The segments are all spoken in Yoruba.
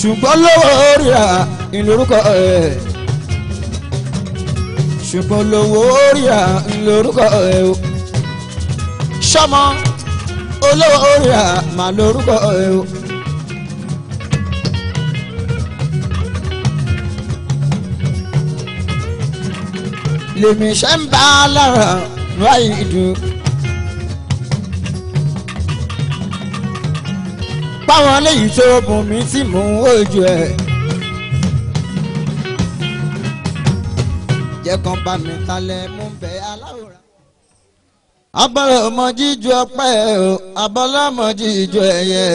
ṣùgbọ́n lówó ríra ìlórúkọ ẹ̀ ṣùgbọ́n lówó ríra ìlórúkọ ẹ̀ o ṣọmọ olówó ríra mà lórúkọ ẹ̀ o. lèmi ṣe ń bá a lára ráì dùn. páwọn léyìí tó bùn mí tí mò ń ojú ẹ̀. jẹ́ kan bá mi talẹ̀ mú bẹ́ aláwòrán. abọ́lá ọmọ jíjọ ọpẹ́ o abọ́lá ọmọ jíjọ ẹ̀yẹ.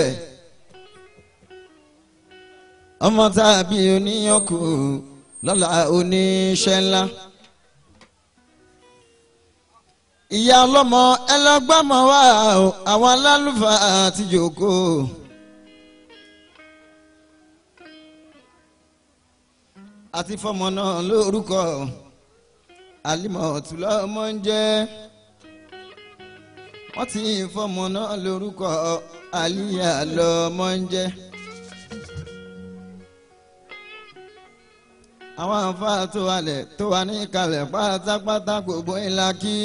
ọmọ tàbí oníyànkù lọ́la oníṣẹ́ ńlá ìyá ọlọ́mọ ẹlọ́gbọ́mọ wa àwọn alálùfáà àti jòkó. àti fọmọ náà lórúkọ Alimọ̀tù lọ́mọ ń jẹ́ wọ́n ti fọmọ náà lórúkọ Àlíyà lọ́mọ ń jẹ́. àwọn àǹfààní tó halẹ̀ tó wà ní ìkàlẹ̀ pátápátá gbogbo ńlá kí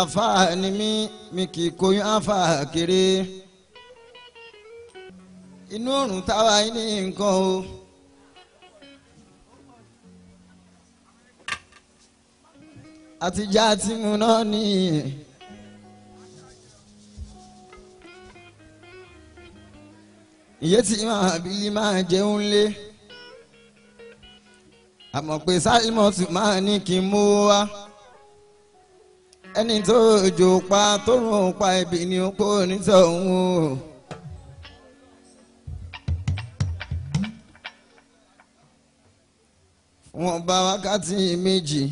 àfáà ni mí mi kì í koyún àfáà kéré inú òrùn táwa yín ní nǹkan o. àtijọ́ àti mu náà ni. ìyé tí màá abili máa jẹun lé àmọ̀ pé sáìmọ̀tù máa ní kí n mú wá ẹni tó jò pa tó rùn pa ibi ni ó pọ̀ nítòhún o. wọ́n bá wákàtí méjì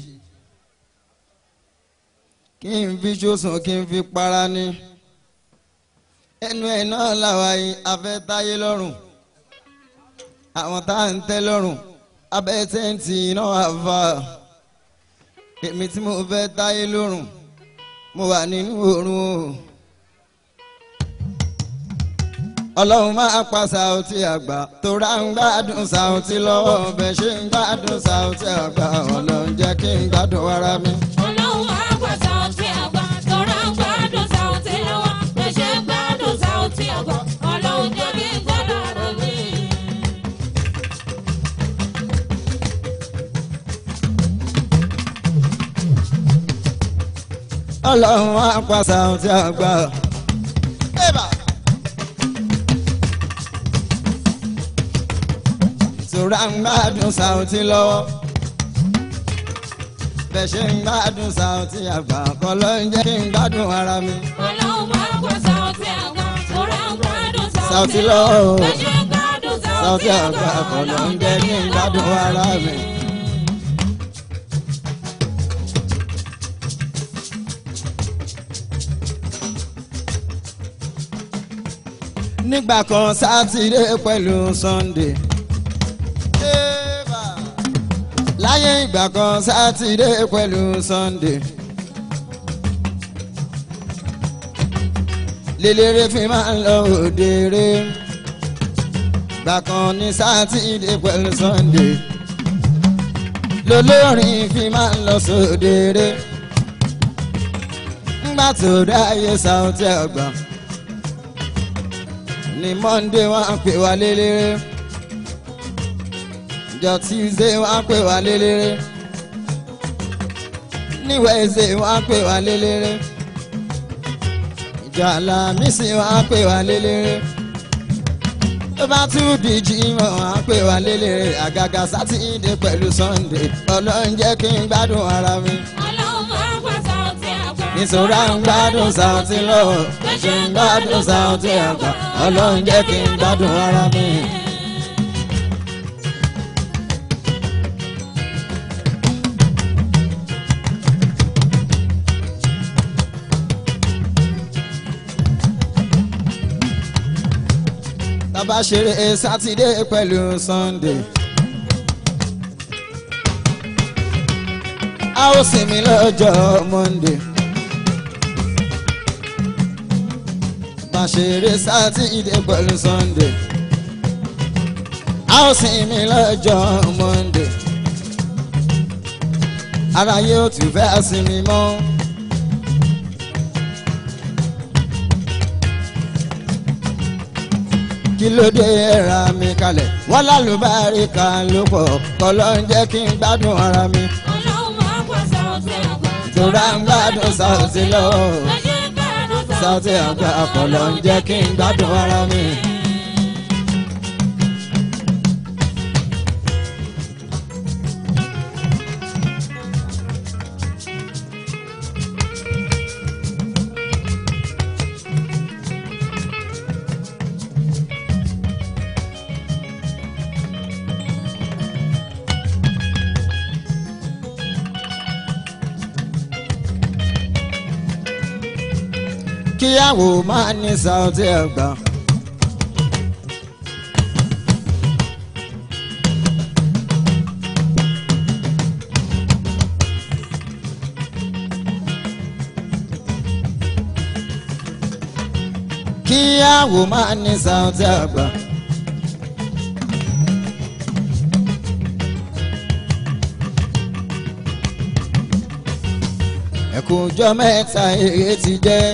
kí n fi ṣòsàn kí n fi para ni ẹnu ẹ̀ náà làwa yìí afẹ́ táyé lọ́rùn àwọn tá à ń tẹ́ lọ́rùn abẹ́ tẹ́ǹtì náà àfa èmi tí mo fẹ́ táyé lọ́rùn mo wà nínú oorun o ọlọ́run máa pa Saoty àgbà tóra ń gbádùn Saoty lọ́wọ́ bẹ́ẹ̀ ṣe ń gbádùn Saoty àgbà ọlọ́run jẹ́ kí n gbádùn ara mi. ọlọ́run á pa sàùntì àgbà. ìtura ń gbádùn sàùntì lọ́wọ́ bẹ́ẹ̀ ṣe ń gbádùn sàùntì àgbà kan ló ń jẹ́ kí n gbádùn ara mi. ọlọ́run á pa sàùntì àgbà ìtura ń gbádùn sàùntì lọ́wọ́ bẹ́ẹ̀ ṣe ń gbádùn sàùntì àgbà kan ló ń jẹ́ kí n gbádùn ara mi. nígbà kan sátidé pẹ̀lú sunday. láyé ìgbà kan sátidé pẹ̀lú sunday. lélẹ́rẹ́ fi máa ń lọ òde rẹ̀. ìgbà kan ní sátidé pẹ̀lú sunday. lolórin fi máa ń lọ sóde rẹ̀. ńgbà tó dáyé sáwọ́tì ọgbà. Ni Monday wọ́n á pè wá lélẹ́rẹ́ jọ Tuesday wọ́n á pè wá lélẹ́rẹ́ ní Wednesday wọ́n á pè wá lélẹ́rẹ́ ìjọ Àlàmísì wọ́n á pè wá lélẹ́rẹ́ tó bá tún di Jímọ̀ á pè wá lélẹ́rẹ́ àgàgà sátidé pẹ̀lú Sunday Ọlọ́run jẹ́ kí n gbádùn ara mi ìṣòro à ń gbádùn Saoty lọ bẹ́ẹ̀ ṣe ń gbádùn Saoty àgbà ọlọ́run jẹ́ kí n gbádùn ara mi. bá ṣeré sátidé pẹ̀lú sunday. a ó sinmi lọ́jọ́ monday. máa ṣeré sátidé pẹ̀lú sunday a ó sinmi lọ́jọ́ monday ara yóò tún fẹ́ sinmi mọ́. kí ló dé ẹ̀ra mi kalẹ̀ wọ́n lálùbárí kan ló pọ̀ kọ́ ló ń jẹ́ kí n gbádùn ara mi. ọlọ́run máa ń pàṣẹ ọ̀sẹ̀ ọ̀gbọ́n. tó bá ń gbádùn sọ̀ọ́sì lọ́wọ́. Saoty Àgbà kọ́ ló ń jẹ́ kí n gbádùn ara mi. táwọn ò máa ní Saoty Ẹ̀gbá. kíyàwó máa ní Saoty Ẹ̀gbá. ẹ̀kúnjọ́ mẹ́ta èrè ti jẹ́.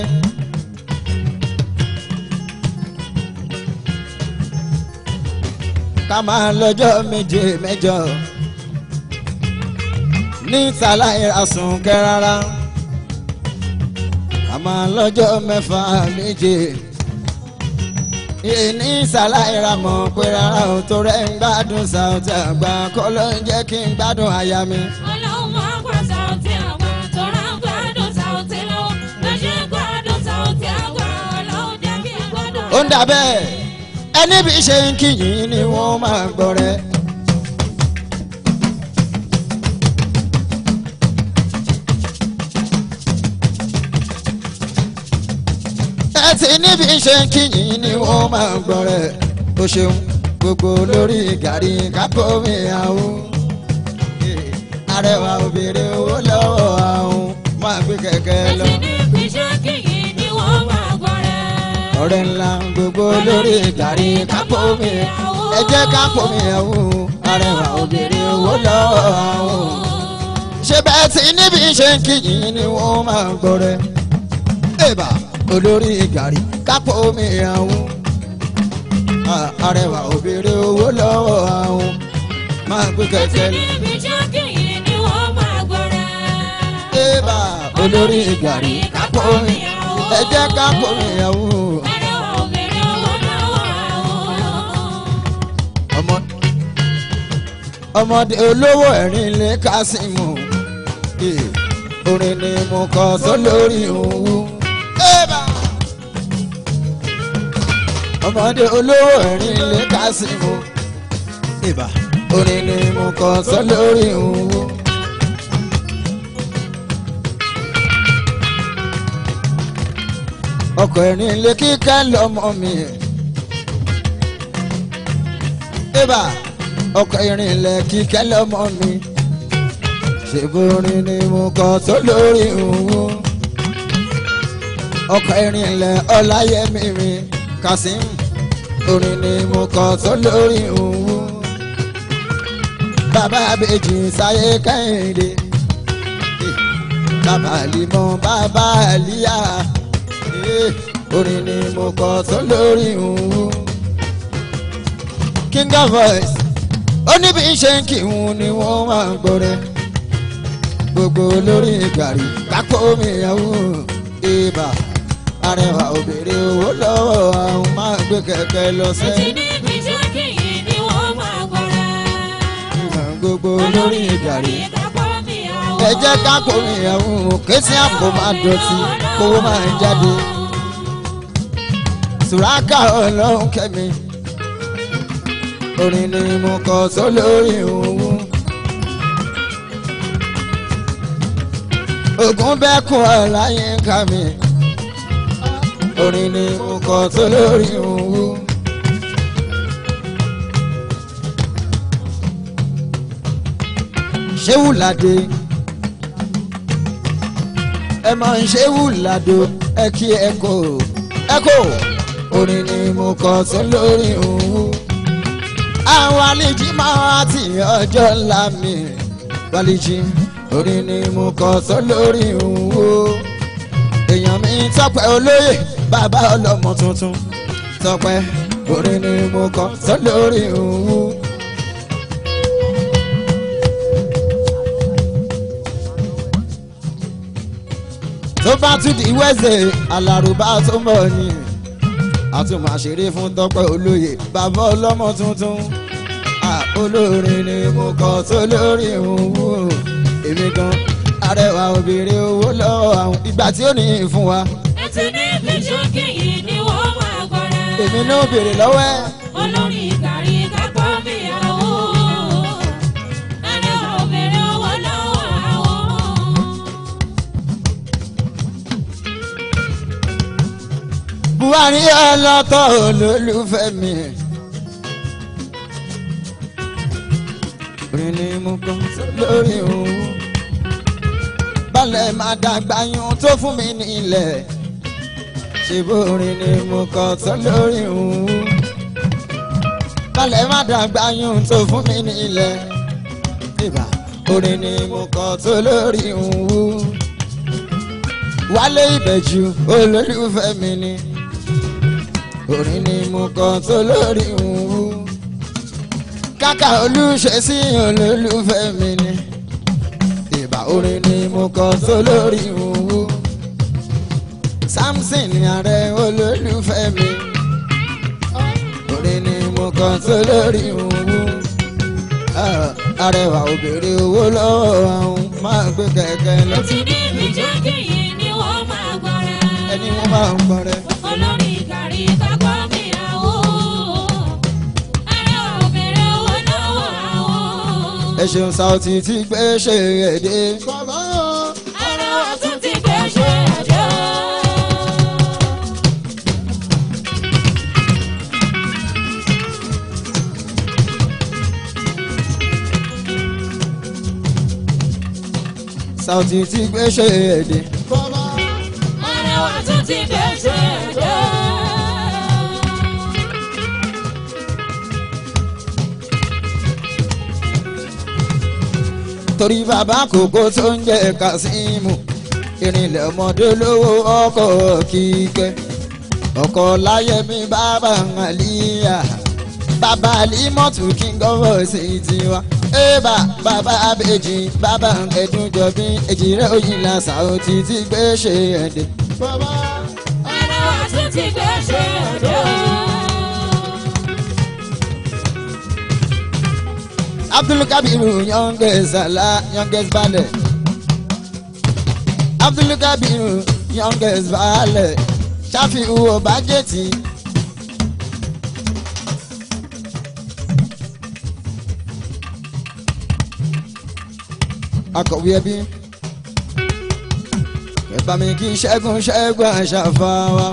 ká máa lọ́jọ́ méje mẹ́jọ ní sàlàyé sùn kẹ́ rárá ká máa lọ́jọ́ mẹ́fà méje ní sàlàyé mọ̀ pé rárá ò tó rẹ̀ ń gbádùn Saoty Agba kọ́ ló ń jẹ́ kí n gbádùn àyà mi. ó ń dà bẹ́ẹ̀ ẹni bí ṣe ń kíyìn ni wọ́n máa gbọ́ rẹ. ẹ níbi ṣe ń kíyìn ni wọ́n máa gbọ́ rẹ. o ṣeun gbogbo lórí gàrí kápò mi àwọn arẹwà obìnrin owó lọ́wọ́ àwọn máa gbé kẹ̀kẹ́ lọ. ẹ ti ní ọ̀rẹ́ ńlá gbogbo lórí ìtàrí kápò mi ẹ jẹ́ kápò mi ẹ̀hún arẹwà obìnrin owó lọ́wọ́ àwọn. ṣé bẹ́ẹ̀ tí níbi ṣe ń kíyìn ni wọ́n máa ń gbọ́rẹ́. èèbà olórí ìgàrí kápò mi ẹ̀hún arẹwà obìnrin owó lọ́wọ́ máa gbé kẹ̀kẹ́ lọ. olórí ìgàrí kápò mi ẹ jẹ́ kápò mi ẹ̀hún. ọmọdé olówó ẹ̀rín lè kásìmù eh, orin ni mo kọ sólórí òwú. ọmọdé olówó ẹ̀rín lè kásìmù orin ni mo kọ sólórí òwú. ọkọ̀ ẹ̀rín lè kíkẹ́ lọ́mọ mi. Eba ọkọ̀ ìrìnlẹ̀ kíkẹ́ lọ́mọ mi ṣèbórin ni mo kọ́ tó lórí òun ọkọ̀ ìrìnlẹ̀ ọláyẹmí mi Kasim orin ni mo kọ́ tó lórí òun bàbá àbèjì sáyé kẹ́hìndé bàbá àlìmọ́ bàbá àlìyá orin ni mo kọ́ tó lórí òun King of Voice ó ní bí ṣe ń kírun ni wọ́n máa ń gbọ́rẹ́ gbogbo lórí gàrí kákó mi yàwó ibà arẹwà obìnrin owó lọ́wọ́ àwọn máa gbé kẹ̀kẹ́ lọ sẹ́. ó ti ní bí ṣe ń kírun ni wọ́n máa gbọ́rẹ́ gbogbo lórí gàrí ẹ jẹ́ kákó mi yàwó késì àpò máa dọ̀tí kówó máa jáde sùrákà ọlọ́run kẹ́mi orin ni mo kọ sólórí òwú. ogun bẹ́kùn ọ̀la yín ká mi orin ni mo kọ sólórí òwú. ṣéwùládé ẹ máa ń ṣéwùládé ẹ kí ẹ kò ẹ kò orin ni mo kọ sólórí òwú àwọn àlejò máa ti ọjọ́ ńlá mi balẹ̀jì orí ni mo kọ́ sọ lórí òwò èèyàn mi tọpẹ́ olóyè bàbá ọlọ́mọ tuntun tọpẹ́ orí ni mo kọ́ sọ lórí òwò. tó bá tún di wẹ́sẹ̀ alárùbá tó ń ni àtúmọ̀ àṣírí fún tọ́pẹ́ olóye bàbá ọlọ́mọ tuntun olórin ni mo kọ́ sólórí òwú èmi gan arẹwà obìnrin owó lọ́wọ́ àwọn ìgbà tí ó ní fún wa. ètò ní ìgbésókè yìí ni wọ́n máa gbọ́ra. èmi náà béèrè lọ́wọ́ ẹ̀. olórin ìgbà rí kápọ́ mi yàrá. buhari ẹlọtọ olólùfẹ́ mi. orin ni mo kọ lórí òun balẹ̀ máa dàgbà yun tó fún mi nílẹ̀ ṣe bórin ni mo kọ tó lórí òun balẹ̀ máa dàgbà yun tó fún mi nílẹ̀ ìbà orin ni mo kọ tó lórí òun wálé ìbẹ̀jú olólùfẹ́ mi ni orin ni mo kọ tó lórí wù. kàkà olùṣe sí olólùfẹ́ mi ni ìbà orin ni mo kọ tó lórí wù. Samson ni ààrẹ olólùfẹ́ mi orin ni mo kọ tó lórí wù. arẹwà obìnrin owó lọ́wọ́ àwọn máa gbé kẹ̀kẹ́ lọ. òtún ní ìbí jẹ́ ni wọ́n máa gbọ́rẹ́. ẹni wọ́n máa ń gbọ́rẹ́. ẹ ṣeun Saoty ti gbé ṣe é dé. bàbá o ara ọ̀tún ti gbé ṣe é dé. Saoty gbé ṣe é torí bàbá kòkó tó ń jẹ kásímù ìrìnlẹ̀ ọmọdé lówó ọkọ̀ kíkẹ́ ọkọ̀ láyẹ̀mí bàbá àlíyà bàbá àlímọ̀tù king of ọ̀sẹ̀ tiwa eba bàbá abèjì bàbá ẹ̀dúnjọ́bí èjìrẹ́ òyìnlá sàó ti ti gbé ṣe ẹ̀dẹ̀. bàbá ọ̀rọ̀ tún gbé ṣe Abdul Kabiru youngest Ala youngest Baale. Abdul Kabiru youngest Baale. Ṣáfi'u Ọbájẹ́tì. Oh, akọ̀wé ẹbí. Ẹ̀bá mi kí ṣẹ́gun ṣẹ́gun àṣàfà wa.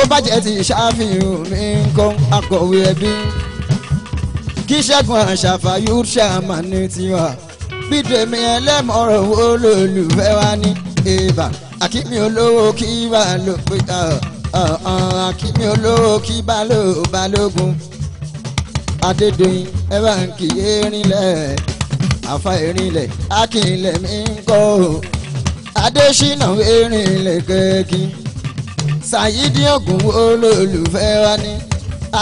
Ọbájẹ́tì Ṣáfi'u mi ń akọ̀wé ẹbí kí ṣẹ́gun àṣàfàyù ṣàmà ní tiwa bídèmí ẹlẹ́mọ̀ràn olólùfẹ́ wa ní ibà àkíní olówó kí bá ló pé àkíní olówó kí bá ló balógun adédọ̀yìn ẹ bá ń kì í rinlẹ̀ àfa erinlẹ̀ akínlẹ̀ mi ń kọ́ o adésínà erinlẹ̀ kẹ́kí sàyídìí ògùn olólùfẹ́ wa ní.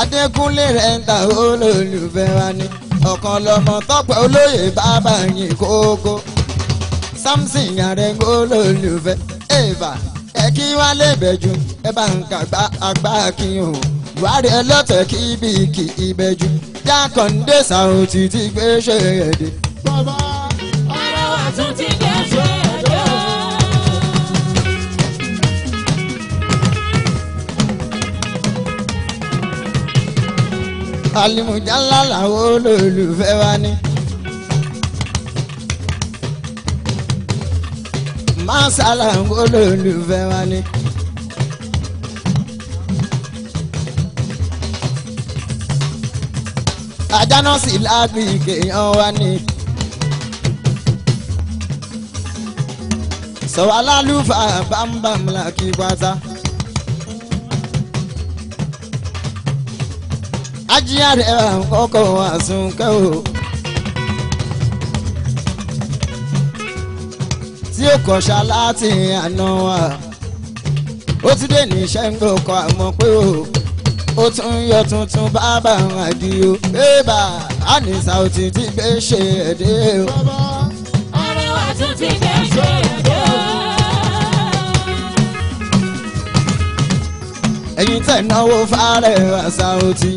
Adékúnlé rẹ̀ǹtà olólùfẹ́ wa ni ọ̀kan lọ́mọ tọ́pẹ́ olóyè bàbá yìí kókó Samson Àrẹ̀ngó olólùfẹ́ Eva ẹ kí wá lébẹ̀jú ẹ bá ń kàgbá àgbá kí o wárí ẹlọ́tẹ̀ kí bí kì í bẹ́jú jákàndé sàrò títí gbé ṣe é dé. bàbá ọ̀rọ̀ àtúntì gbé. alimujala làwọn olólùfẹ́ wa ni. masala làwọn olólùfẹ́ wa ni. ajana sì lábì kéèyàn wa ni. sọ̀wálálùfà bámbàm làkì pátá. So, ajíyá rẹ̀ kọ́kọ́ àsunkẹ́ o. tí ó kọ̀ṣà láti àná wa ó ti dé ní ṣẹ́ńgbó kan àmọ́ pé o ó tún yọ tuntun bàbá àdìo bébà àníṣà ó ti ti gbé ṣe ẹ̀dẹ́ o. ti gbé ṣe ẹ̀dẹ́ o. ẹ̀yin tẹ̀ náwó fárẹ̀ àṣà ó ti.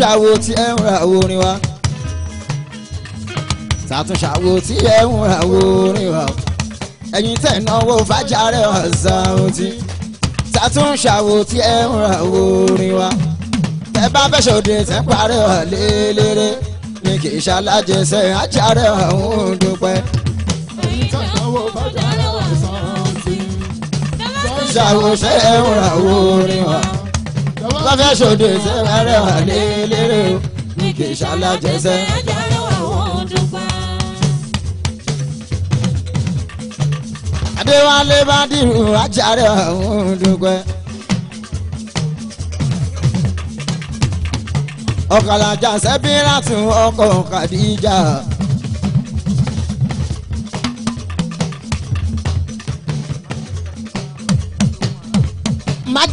ṣàwo tí ẹ ń ra orin wa ṣàtúnṣàwo tí ẹ ń ra orin wa ẹ̀yin tẹ̀ náwó fàjàrẹ̀ ọ̀sán òtí ṣàtúnṣàwo tí ẹ ń ra orin wa tẹ bá fẹ́ ṣòde tẹ parẹ́ ọ̀ lélẹ́rẹ́ ní kì í ṣalájẹsẹ̀ ajáre ọ̀hún dúpẹ́. ṣàwòṣe ẹ̀rùn àwo orin wa. bá fẹ́ ṣòde ṣe rẹ̀ wà lé lérè o ní kì í ṣàlàjẹsẹ́. adéwálé bá dìrù ajáre àwọn dúpẹ́. ọ̀kàlàjà kàdíjà.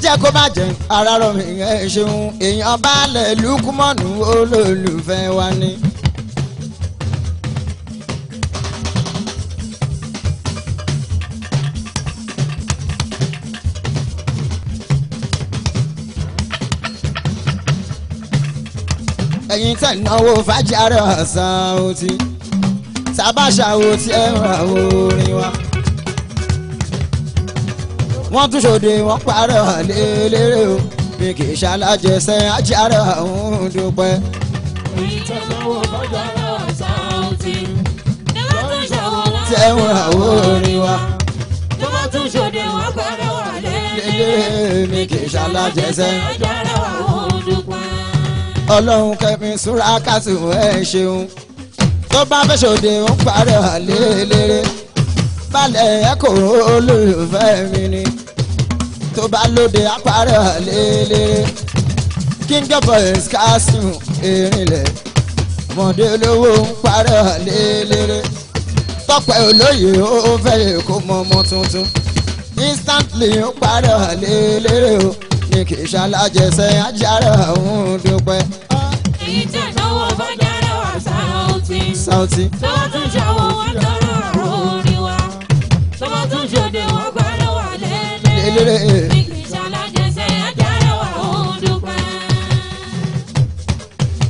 jẹ́ kó má jẹ́ ara rọ̀ mí ẹ ṣeun èèyàn balẹ̀ lukumọ́nù olólùfẹ́ wa ni. ẹ̀yin tẹ̀ náwó fàájì àárẹ̀ ọ̀sán òtí sábàṣà òtí ẹ̀rọ àwọn orin wa wọ́n tún ṣòde wọ́n parọ́ lélẹ́rẹ́ o bí kì í ṣalájẹsẹ́ ajára òun dúpẹ́. èyí tó sanwó bọ́jà náà sáwùtì tẹ̀wọ̀n àwọ̀ orin wa. tó bá tún ṣòde wọ́n parọ́ lélẹ́rẹ́ bí kì í ṣalájẹsẹ́ ajára òun dúpẹ́. ọlọ́run kẹ́mi súra kásù ẹ̀ ṣeun tó bá fẹ́ ṣòde wọ́n parọ́ lélẹ́rẹ́ balẹ̀ ẹ̀kọ́ olólùfẹ́ mi ni tó bá lóde apárẹ̀ lélẹ́rẹ́ king of boys calcium erinlẹ̀ ọmọdé olówó ń parẹ́ lélẹ́rẹ́ tọpẹ́ olóyè ó fẹ́yẹ̀ kó mọ tuntun instantly ń parẹ́ lélẹ́rẹ́ o ní kì í ṣalájẹsẹ́ ajára òun dúpẹ́. ìjẹ́ ìnáwó bọ́jà rẹwà sáà ó ti. sáà ó ti. tó tún ṣàwọn wọn lọ. lérè.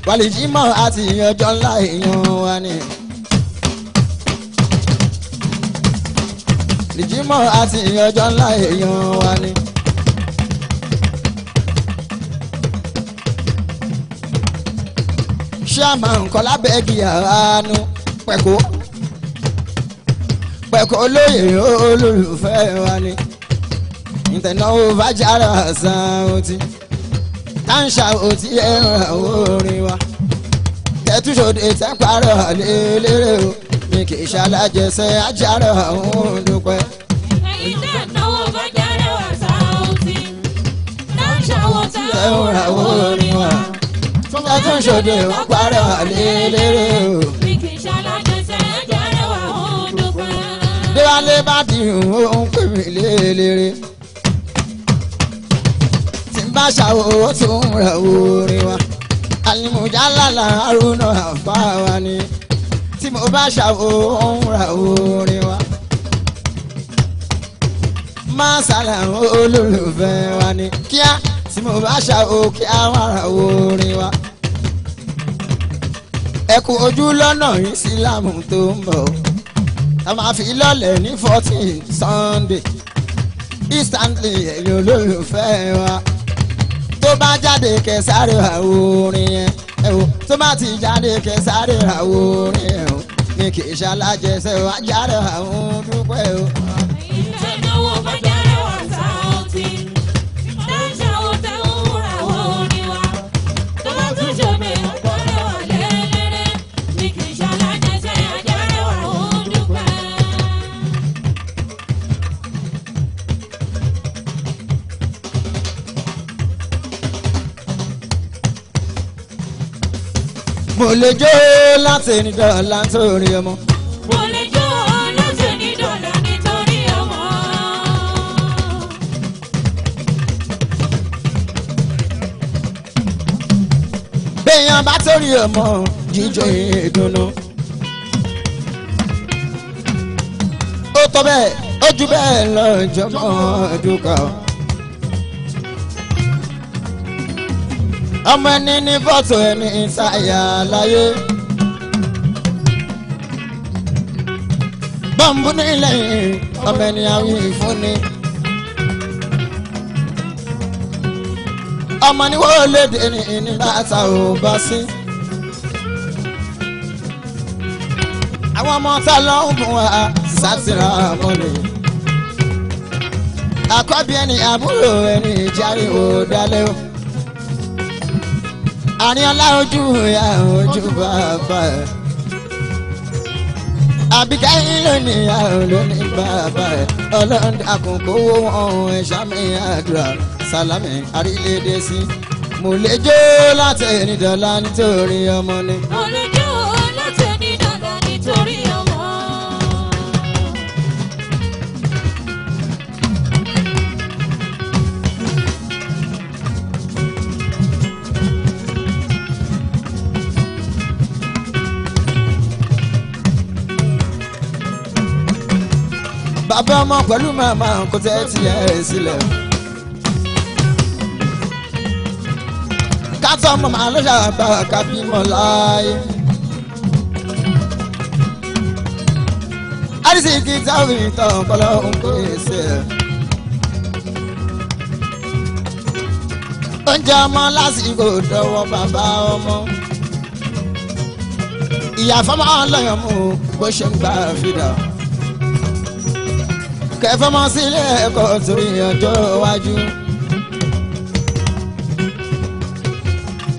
bàlìjímọ̀ àti ìyànjọ́ ńlá èèyàn wa ni. bàlìjímọ̀ àti ìyànjọ́ ńlá èèyàn wa ni. ṣáàmà nǹkan lábẹ́ igi àánú pẹ̀kọ́ pẹ̀kọ́ olóyè olólùfẹ́ wa ni ntẹ̀náwó fàjàrà san otí táǹṣà otí ẹ̀ràn orin wa tẹ̀túṣòde tẹ́pàrọ̀ lélẹ́rẹ́ o ní kì í ṣàlàjẹsẹ̀ àjàrà òun dúpẹ́. ẹ̀yin tẹ̀náwó fàjàrà san otí táǹṣà otí ẹ̀ràn orin wa tẹ̀túṣòde tẹ́pàrọ̀ lélẹ́rẹ́ o ní kì í ṣàlàjẹsẹ̀ òun pè mí lélẹ́rẹ́ aláṣà owó tó ń ra orin wa alimujálàlà arúnà àbá wa ni tí mo bá ṣàwò ó ń ra orin wa máa ṣàlàyé olólùfẹ́ wa ni kíá tí mo bá ṣàwò kí á wà ra orin wa ẹ ojú lọ́nà ìsìlámù tó ń bọ̀ a máa fi lọ́lẹ̀ ní fourteen sunday instantly ẹ̀yin olólùfẹ́ wa tó bá jáde kẹsàrè àwọn orin yẹn ẹ o tó bá ti jáde kẹsàrè àwọn orin yẹn o ní kì í ṣàlàjẹsẹ wájà rẹ àwọn dúpẹ́ o. mo lè jó láti ní dọ́là nítorí ọmọ. mo lè jó láti ní dọ́là nítorí ọmọ. béèyàn bá torí ọmọ jíjó ìdùnnú. ó tọ́ bẹ́ẹ̀ ó jù bẹ́ẹ̀ lọ ìjọba ọdún kan. ọmọ ẹni ní fọ́tò ẹni ìsáyà láyé. bọ́ǹbù nílẹ̀ ọmọ ẹni àwọn ìfúnni. ọmọ ni wọ́n léde ní ìnira àṣà ò bá sí. àwọn ọmọ tá lọ ń mú wa sátìrà mọ́lẹ̀. àkọ́bí ẹni àbúrò ẹni ìjáre ò dálé o. Àrìnọlá ojú ìyá ojú bàbá ẹ̀. Àbíkẹ́yìn lónìí ìyá lónìí bàbá ẹ̀. Ọlọ́dàkùn kówó ọ̀hún ẹ̀ṣá mi àdúrà sálámì àrílédé sí. Mo lè jó láti ẹni nítorí ọmọ ni. Olú bàbá ọmọ pẹ̀lú màmá kò tẹ́ tiẹ̀ sílẹ̀. kátó ọmọ màá ló ṣàgbà kábímọ láàyè. àdìsíkì táwọn ìtàn kọlọ ń kó èsì ẹ̀. oúnjẹ ọmọ lásìkò dọwọ́ bàbá ọmọ ìyá fọmọ ọlọyọmọ bó ṣe ń gbà fìdá kẹfọmọ sílé ẹ̀kọ́ sórí ọjọ́ iwájú.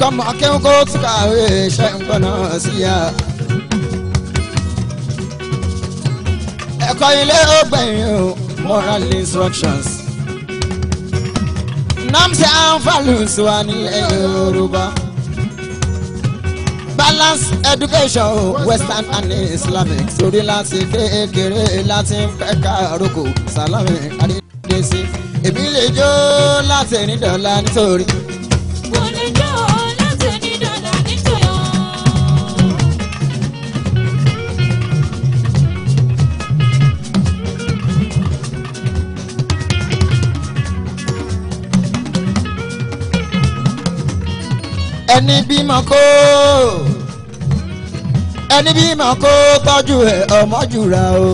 kọmọ akẹ́wọ́n kó túkàwé iṣẹ́ ńgbọ́nà sí ya. ẹ̀kọ́ ilé ọgbẹ̀yìn o moral instructions. NAMSE and values wà ní e Yorùbá balance education western and islamic sórí láti kékeré láti ń fẹ́ károkò salami adédèsí èmi lè jó láti ní dọ́là nítorí. mo lè jó láti ní dọ́là ẹni bímọ kó ẹni bí mà kó tọ́jú ẹ̀ ọmọ jùra o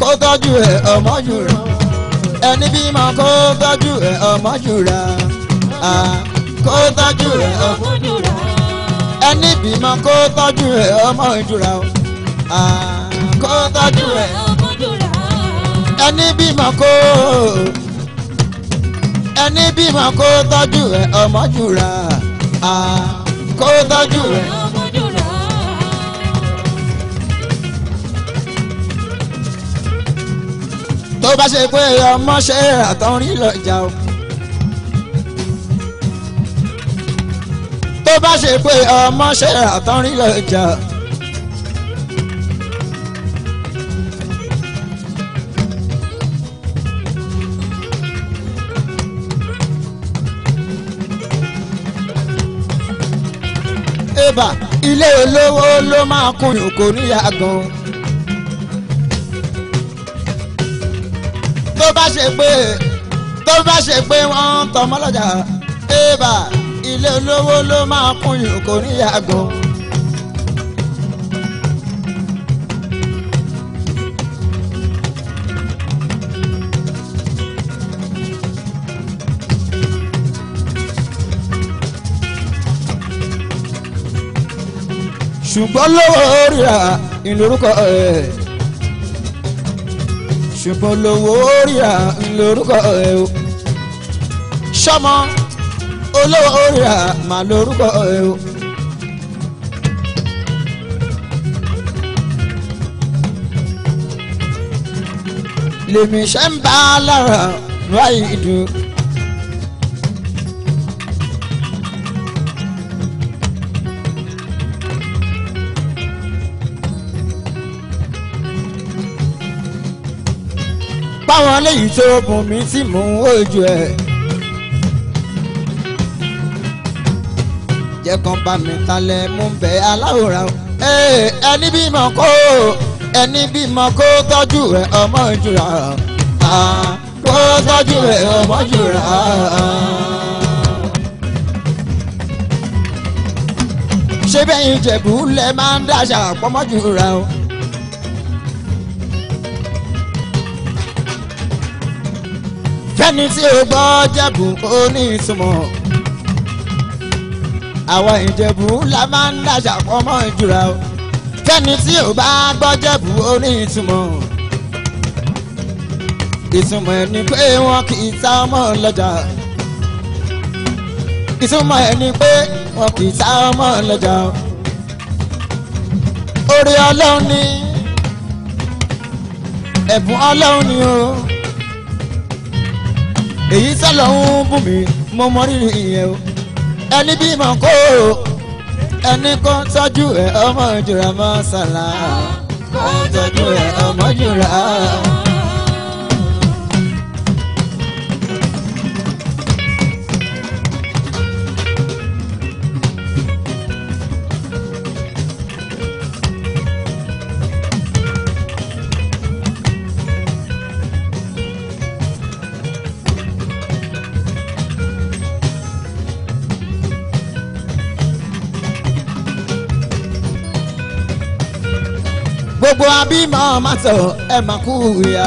kó tọ́jú ẹ̀ ọmọ jùra ẹni bí mà kó tọ́jú ẹ̀ ọmọ jùra kó tọ́jú ẹ̀ ọmọ jùra ẹni bí mà kó tọ́jú ẹ̀ ọmọ jùra o kó tọ́jú ẹ̀ ọmọ jùra ẹni bí mà kó ẹni bí mà kó tọ́jú ẹ̀ ọmọ jùra kó tọ́jú ẹ̀. tó bá ṣe pé ọmọ ṣe àtọrin lọ́jà o. tó bá ṣe pé ọmọ ṣe àtọrin lọ́jà o. ilé olówó ló máa kun yòókù níyàgàn. bá ṣe pé tó bá ṣe pé wọ́n ń tọmọ lọ́jà ébà ilé olówó ló máa kún yìí kò ní yàgò. ṣùgbọ́n lówó rírà ìlú orúkọ ẹ̀ ṣùgbọ́n lówó orí à ń lórúkọ ẹ o ṣọmọ olówó orí à mà lórúkọ ẹ o. lèmi ṣe ń bá lára ráì dùn. láwọn eléyìí tó bùn mí tí mò ń ojú ẹ̀. jẹ́ kàn bá mi talẹ̀ mú bẹ́ aláwòrán ẹni bímọ kó ẹni bímọ kó tọ́jú ẹ̀ ọmọ ìjùlá kó tọ́jú ẹ̀ ọmọ ìjùlá. ṣé bẹ́ẹ̀ ìjẹ̀bù lẹ máa ń dáṣà pọ́nmọ́jùra o. fẹ́ni tí o gbọ́ jẹ̀bù ó ní ìsúnmọ́ àwa ìjẹ̀bù la máa ń dàṣà pọ́nmọ́ ìjura o fẹ́ni tí o bá gbọ́ jẹ̀bù ó ní ìsúnmọ́ ìsúnmọ́ ẹ̀ ni pé wọn kì í ta ọmọ lọ́jà ìsúnmọ́ ẹ̀ pé wọn kì í ta ọmọ lọ́jà orí ọlọ́run ni ẹ̀bùn ọlọ́run ni o èyí sọlọ ń bù mí mo mọ rírì ìyẹn o ẹni bí mọ kó o ẹni kó tọ́jú ẹ ọmọ ìjùrà mọ sàlá kó tọ́jú ẹ ọmọ ìjùrà. gbogbo abímọ mato ẹ má kú ìyá.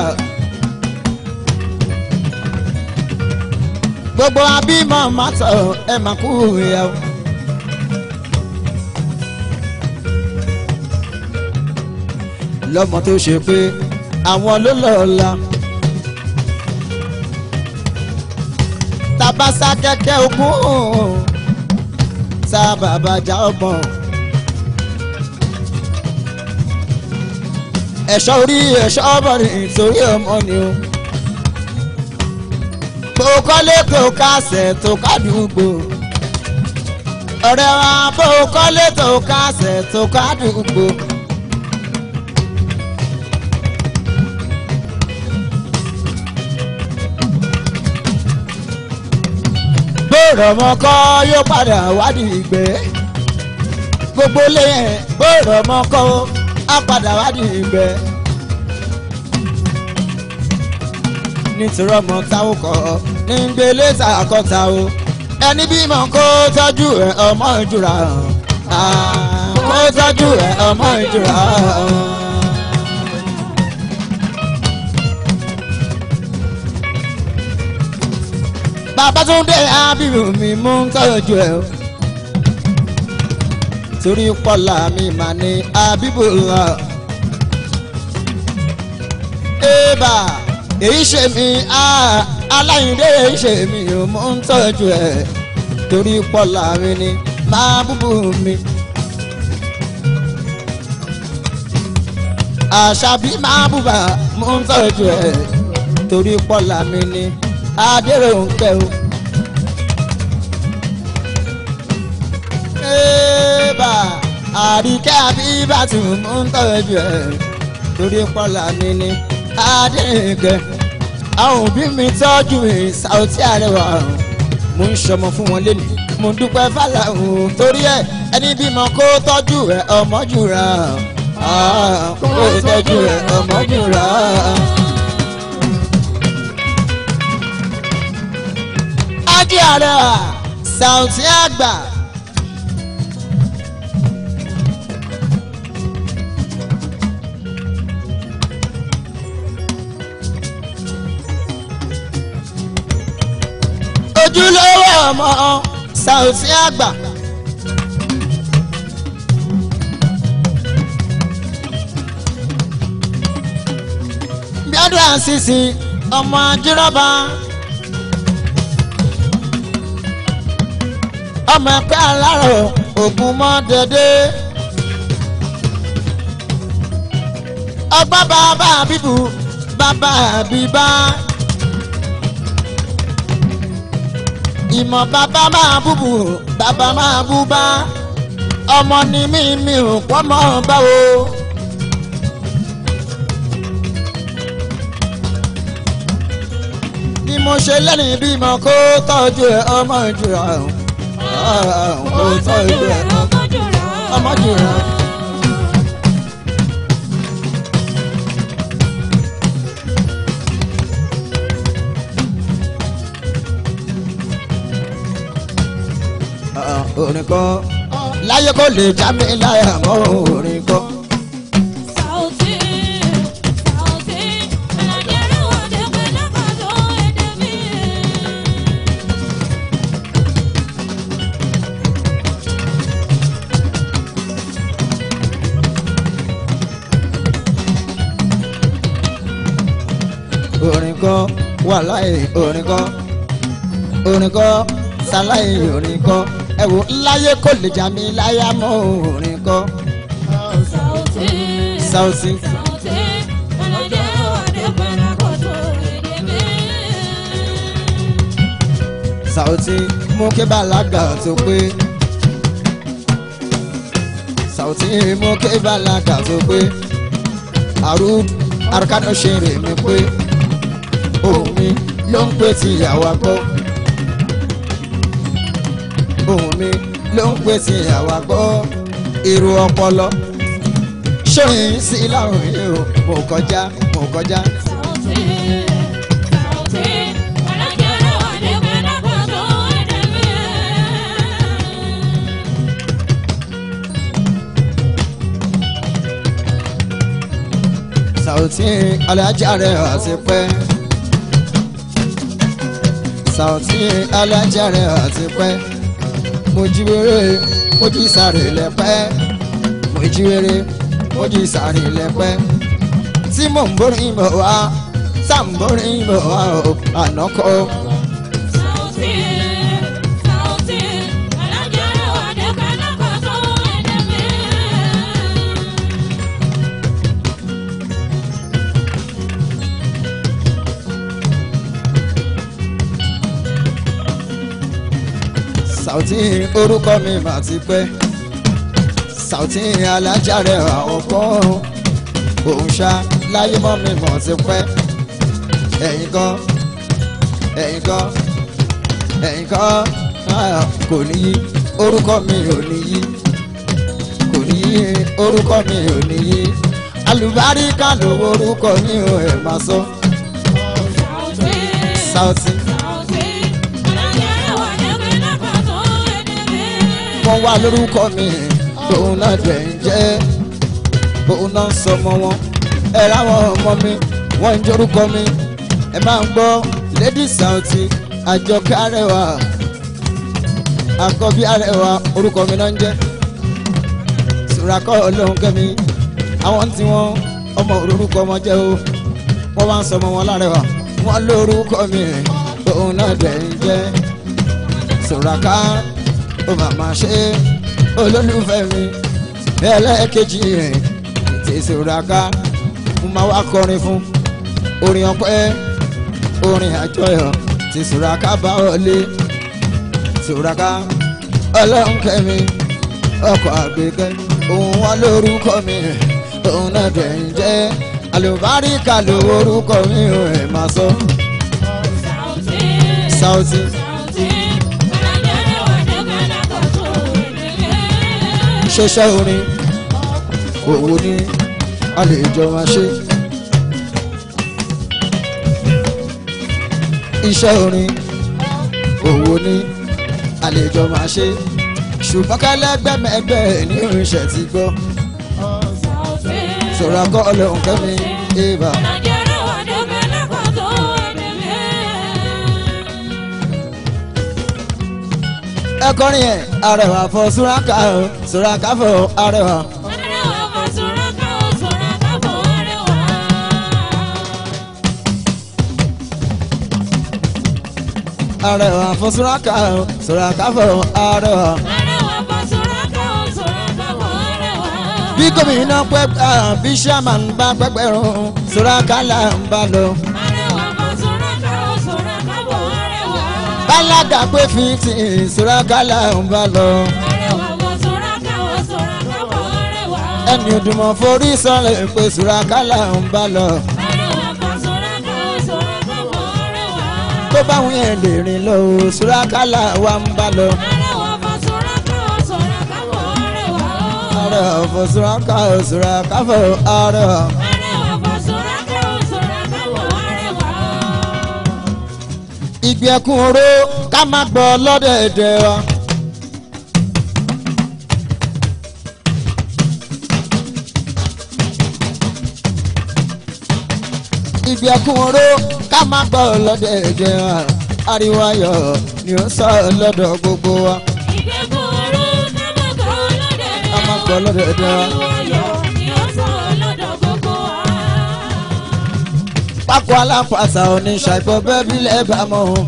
gbogbo abímọ màtọ ẹ má kú ìyá. lọ́mọ tó ṣe pé àwọn ló lọ́la. tabasa kẹ̀kẹ́ ogun sábàbàjá ọmọ. ẹ̀ṣọ́ orí ẹ̀ṣọ́ ọ̀bọ̀nì nítorí ọmọ ni o. kò kọ́lé kò kásẹ̀ tó kádùúgbò. ọ̀rẹ́ wa kò kọ́lé tó kásẹ̀ tó kádùúgbò. bóòrò ọmọ kọ́ yóò padà wádìí ìgbẹ́ gbogbo lẹ́yìn bóòrò ọmọ kọ́ á padà wá di ìgbẹ́. nítorí ọmọ táwọn kọ ní gbélé sàkọta o ẹni bímọ kó tọ́jú ẹ ọmọ ìjura hàn kó tọ́jú ẹ ọmọ ìjura hàn. Babátúndé Abiru mi mú ń tọ́jú ẹ o torí pọ́lá mi mà ní àbíbò hàn. ébà èyí ṣe mí aláìndé èyí ṣe mí ò mú ń tọ́jú ẹ̀ torí pọ́lá mi ni máa mi. àṣàbí máa bùbà mú ń tọ́jú ẹ̀ torí pọ́lá mi ni adéròǹkẹ́ o. àbíbà àríkẹ́ àbíbà tí mò ń tọ́jú ẹ̀ torí pọ́lá mi ni adéǹkẹ́ àwọn òbí mi tọ́jú mi Saoty Arewa mo ń ṣọmọ fún wọn lẹ́nu mo dúpẹ́ fàlàhùn torí ẹ̀ ẹni bímọ kó tọ́jú ẹ̀ ọmọ jùra ah, kó tọ́jú ẹ̀ ọmọ jùra. Saoty Arewa Saoty àgbà. ojúlówó ọmọ sàòsí àgbà. bíọ́dún àṣìṣe ọmọ ajírọ́bà ọmọ ẹ̀pẹ́ alárò ògùn mọ́ dédé. ọgbọ́n bàbá bíbù bàbá bíbá. ìmọ̀ bàbá máa búbu bàbá máa búbá ọmọ ni mí mi ò pọ́ mọ́ báwo. bí mo ṣe lẹ́nu bímọ kó tọ́jú ẹ ọmọ jù ọ kó tọ́jú ẹ ọmọ jù orin kọ́ láyé kò lè já mi láyà mọ́ orin kọ́. orin kọ́ wàláì orin kọ́ orin kọ́ sáláì orin kọ́ ẹ wò ńláyé kò lè jà mí láyà mọ́ orin kọ́. Saoty Saoty Saoty ọlọ́jọ́ àdébọ̀nà kò tó èdè mi. mú kí bàlágà tó pé. Saoty mú kí bàlágà tó pé. àrùn àrùkánú ṣe rè mí pé. òun ló ń pè tíyàwó àgbọ̀ dùn mí ló ń pèsè àwa gbọ́ èrò ọpọlọ ṣòyìn sí láwọn èrò mo kọjá mo kọjá. Sauty alájà rẹ̀ wá sí pẹ́. Sauty alájà rẹ̀ wá sí pẹ́ mo jí wéré mo ti sáré lẹ́pẹ́ mo jí wéré mo ti sáré lẹ́pẹ́ tí mò ń borí mọ̀ wá sá ń borí mọ̀ wá ò ànákọ́. Sauty orúkọ mi mà ti pẹ́ Sauty alájà rẹwà ọkọ òun ṣá láyé mọ́ mi mọ̀ ti pẹ́ ẹ̀yin kan ẹ̀yin kan ẹ̀yin kan kò ní yí orúkọ mi ò ní yí kò ní yí orúkọ mi ò ní yí alùbáríkà lówó orúkọ mi ò ẹ̀ máa sọ Sauty. kan wà lórúkọ mi òun náà dẹ̀ ń jẹ́ òun náà ń sọmọ wọn ẹ ráwọn ọmọ mi wọ́n ń jórúkọ mi ẹ máa ń gbọ́ Lady Saoti Àjọkẹ́ Arẹwà àkọ́bí Arẹwà orúkọ mi náà ń jẹ́ sùràkọ́ ọlọ́run kẹ́mi àwọn tí wọ́n ọmọ orúkọ wọn jẹ́ o wọ́n wá ń sọmọ wọn lárẹwà wọ́n lórúkọ mi òun náà dẹ̀ ń jẹ́ sùràkà ó màmá ṣe olólùfẹ́ mi ẹlẹ́ẹ̀kejì rẹ̀ ètè ìṣòraká mo máa wá kọrin fún orin ọpẹ́ orin àjọyọ̀ ti ìṣòraká bá wọlé ìṣòraká ọlọ́run kẹ́mi ọkọ̀ àgbẹ̀kẹ́ òun wọn lórúkọ mi òun náà dẹ̀ ń jẹ́ àlùbáríkà lórúkọ mi ò ẹ̀ máa sọ. Sauti. Sauti. ṣẹṣẹ orin òwò ni a lè jọ máa ṣe. iṣẹ́ orin òwò ni a lè jọ máa ṣe ṣùgbọ́n kẹlẹ́gbẹ́ mẹ́gbẹ́ ní oríṣẹ́ ti gbọ́ sọ̀rọ̀ akọ́ ọlọ́run kẹ́mi eva. ẹ kọrin yẹn arẹwà fọ suraka, o súrákà fọ arẹwà. arẹwà fọ suraka o súrákà fọ arẹwà. arẹwà fọ súrákà o súrákà fọ arẹwà. arẹwà fọ súrákà o súrákà fọ arẹwà. bí gómìnà pẹ́ bí sàmà ń bá pẹ́pẹ́ rún súrákà là ń bá lọ. aládàgbé fifty ìsúrákàlà ń bá lọ. ẹni òdùmọ̀ forí sanlẹ̀ pé ìsúrákàlà ń bá lọ. tó báwọn yẹn lè rìn lọ ìsúrákàlà wa ń bá lọ. ọ̀rọ̀ fòsúrákà òsúrákà fò ọ̀rọ̀. ìgbì ẹkún oró ká má gbọ́ lọ́dẹ̀ ẹ̀dẹ̀ wa. ìgbì ẹkún oró ká má gbọ́ lọ́dẹ̀ ẹ̀dẹ̀ wa ariwo ayọ̀ ni ó sọ lọ́dọ̀ gbogbo wa. ìgbì ẹkún oró ká má gbọ́ lọ́dẹ̀ ẹ̀dẹ̀ wa. pákó alápàṣà oníṣà ìfọ̀bẹ́ bílẹ̀ bá mọ̀ ọ́.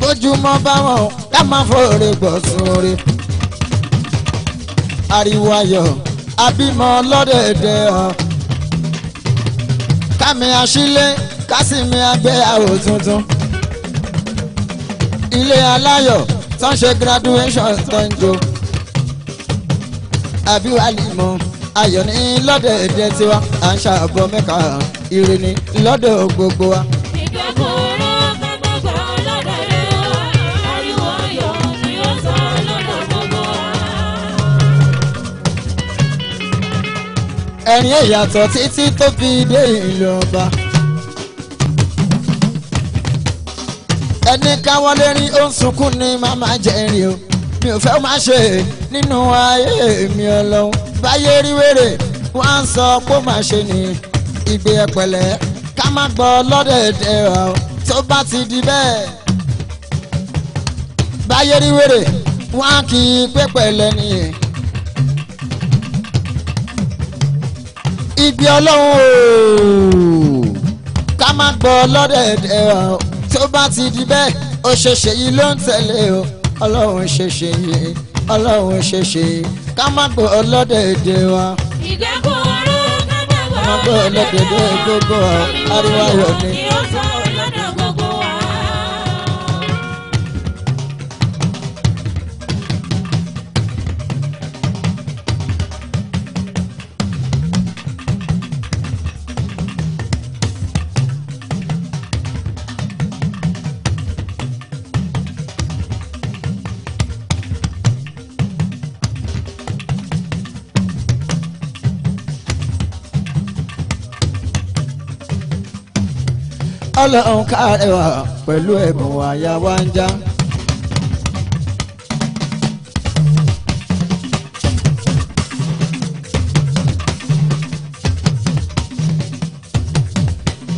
bójúmọ́ bá wọn ká máa fòrè gbọ̀ sórí. ariwo ayọ̀ abímọ lọ́dẹ̀ẹ̀dẹ̀ ọ̀. kámi aṣílé kásìmí agbéyàwó tuntun. ilé aláyọ̀ tó ṣe graduation tó jó. àbí wàá lè mọ̀ ayọ̀ ní lọ́dọ̀ èdè tiwa à ń ṣàbọ̀ mẹ́ka ire ní lọ́dọ̀ gbogbo wa. ìdókòrò kágbọ́gbọ́ lọ́dọ̀ rẹ̀ wá ariwo ayọ̀ ni ó sọ lọ́dọ̀ gbogbo wa. ẹ̀rín ìyàtọ̀ títí tó fi dé ìlú ọba. ẹni káwọ́ lérí ó ń sunkún ní màmá jẹ́rìí o mi ò fẹ́ máa ṣe nínú ayé mi ọlọ́run báyé rí wèrè wọ́n á sọ kó má ṣe ní ìgbé ẹ̀pẹ̀lẹ́ ká má gbọ́ lọ́dẹ̀ẹ̀dẹ̀ ọ̀ tó bá ti di bẹ́ẹ̀. báyé rí wèrè wọ́n kì í pé pẹ̀lẹ́ nìyẹn. ìgbé ọlọ́run ooo ká má gbọ́ lọ́dẹ̀ẹ̀dẹ̀ tó bá ti di bẹ́ẹ̀ ó ṣe ṣèyí ló ń tẹ̀lé o ọlọ́run ṣe ṣèyí ọlọ́run ṣe ṣe ká má gbọ́ ọlọ́dẹ èdè wa. ìgbẹ́kùn ọ̀rọ̀ ká má gbọ́ ọlọ́dẹ èdè gbogbo àríwá wọ̀ ni. kọ́lọ́hún kárẹ̀ wá pẹ̀lú ẹ̀bùn àyà wá ń já.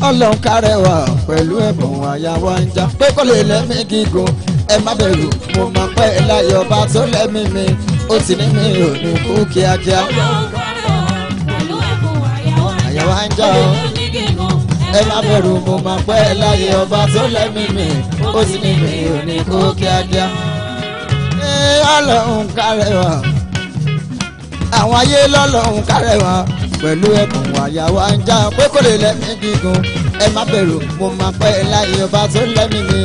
ọlọ́run kárẹ̀ wá pẹ̀lú ẹ̀bùn àyà wá ń já. pé kó lè lẹ́mí gígùn ẹ má bẹ̀rù mo máa pẹ́ láyọ̀ bá tó lẹ́mí mi ó ti ní mi ò ní kú kíákíá. ọlọ́run kárẹ̀ wá pẹ̀lú ẹ̀bùn àyà wá ń já ẹ má bẹ̀rù mo máa pẹ́ láyé ọba tó lẹ́mí mi ó sì ní mi ò ní kó kíákíá. ẹ ọlọ́run kárẹ̀ wá àwọn ayé lọ́lọ́run kárẹ̀ wá pẹ̀lú ẹkùn àyà wa ń já pé kò lè lẹ́mí gígùn ẹ má bẹ̀rù mo máa pẹ́ láyé ọba tó lẹ́mí mi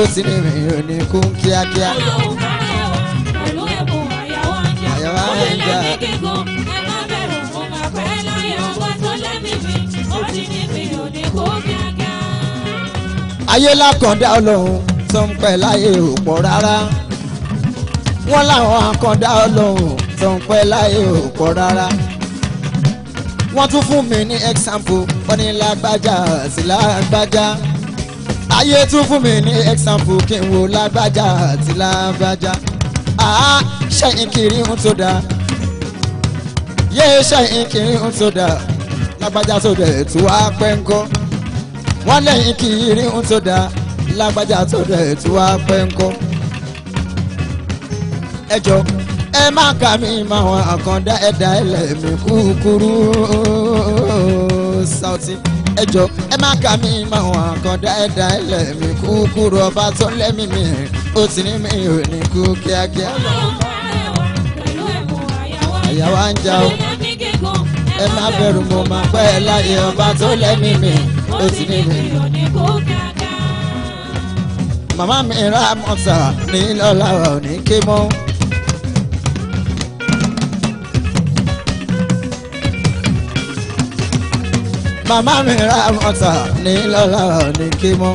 ó sì ní mi ò ní kó kíákíá. ọlọ́run kárẹ̀ wá pẹ̀lú ẹkùn àyà wa ń já pé kò lè lẹ́mí gígùn. ayé lákàndá ọlọ́run tó ń pẹ́ láyé ò pọ̀ rárá wọ́n láwọn àkàndá ọlọ́run tó ń pẹ́ láyé ò pọ̀ rárá wọ́n tún fún mi ní example wọ́n ní lágbájá sí lágbájá ayé tún fún mi ní example kí n wo lágbájá sí lágbájá àá ṣẹ́yìn kiri ń tó dáa yé ṣẹ́yìn kiri ń tó dáa lágbájá tó dẹ̀ tó wá pẹ́ wọ́n lẹ́yìn kì í rí ohun tó dáa lágbájá tó rẹ̀ tí wàá pẹ́ ń kọ́. ẹ jọ ẹ má kà mí máwọn àkàndá ẹ̀dá ẹlẹ́mì kúkúrú Saoty ẹ jọ ẹ má kà mí máwọn àkàndá ẹ̀dá ẹlẹ́mì kúkúrú ọba tó lẹ́mìí mi ó ti ní mi ò ní kú kíákíá. àyàwó ń jà ó ẹ má bẹ̀rù mo máa pẹ́ láyé ọba tó lẹ́mìí mi. Mama ti ní ìlú. màmá mi ra mọ́tà ní lọ́la ò ní ké mọ́. màmá mi ra mọ́tà ní lọ́la ò ní ké mọ́.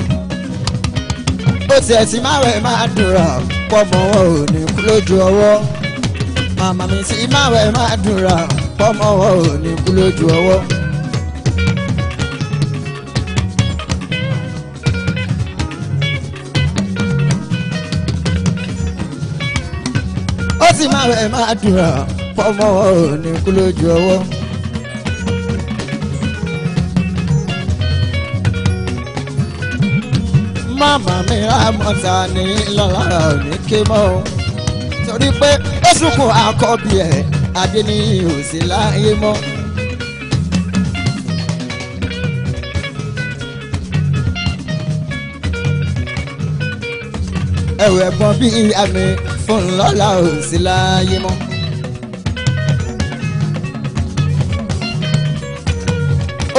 ó tiẹ̀ ti máa wẹ̀ máa dùrọ̀ pọ̀ mọ́ wọn ò ní kú lójú ọwọ́ màmá mi ti máa wẹ̀ máa dùrọ̀ pọ̀ mọ́ wọn ò ní kú lójú ọwọ́. sì máa wẹ̀ máa dìrọ̀ fọmọ òní kú lójú ọwọ́. màmá mi àmọ́ta ní lọ́lọ́rọ̀ òní ké mọ́ o torí pé ó sunkún àkọ́bí ẹ̀ adé ní òsì láyé mọ́. ẹ̀wẹ̀ gbọ́n bí ìyá fún lọ́la ò sí láyé mọ́.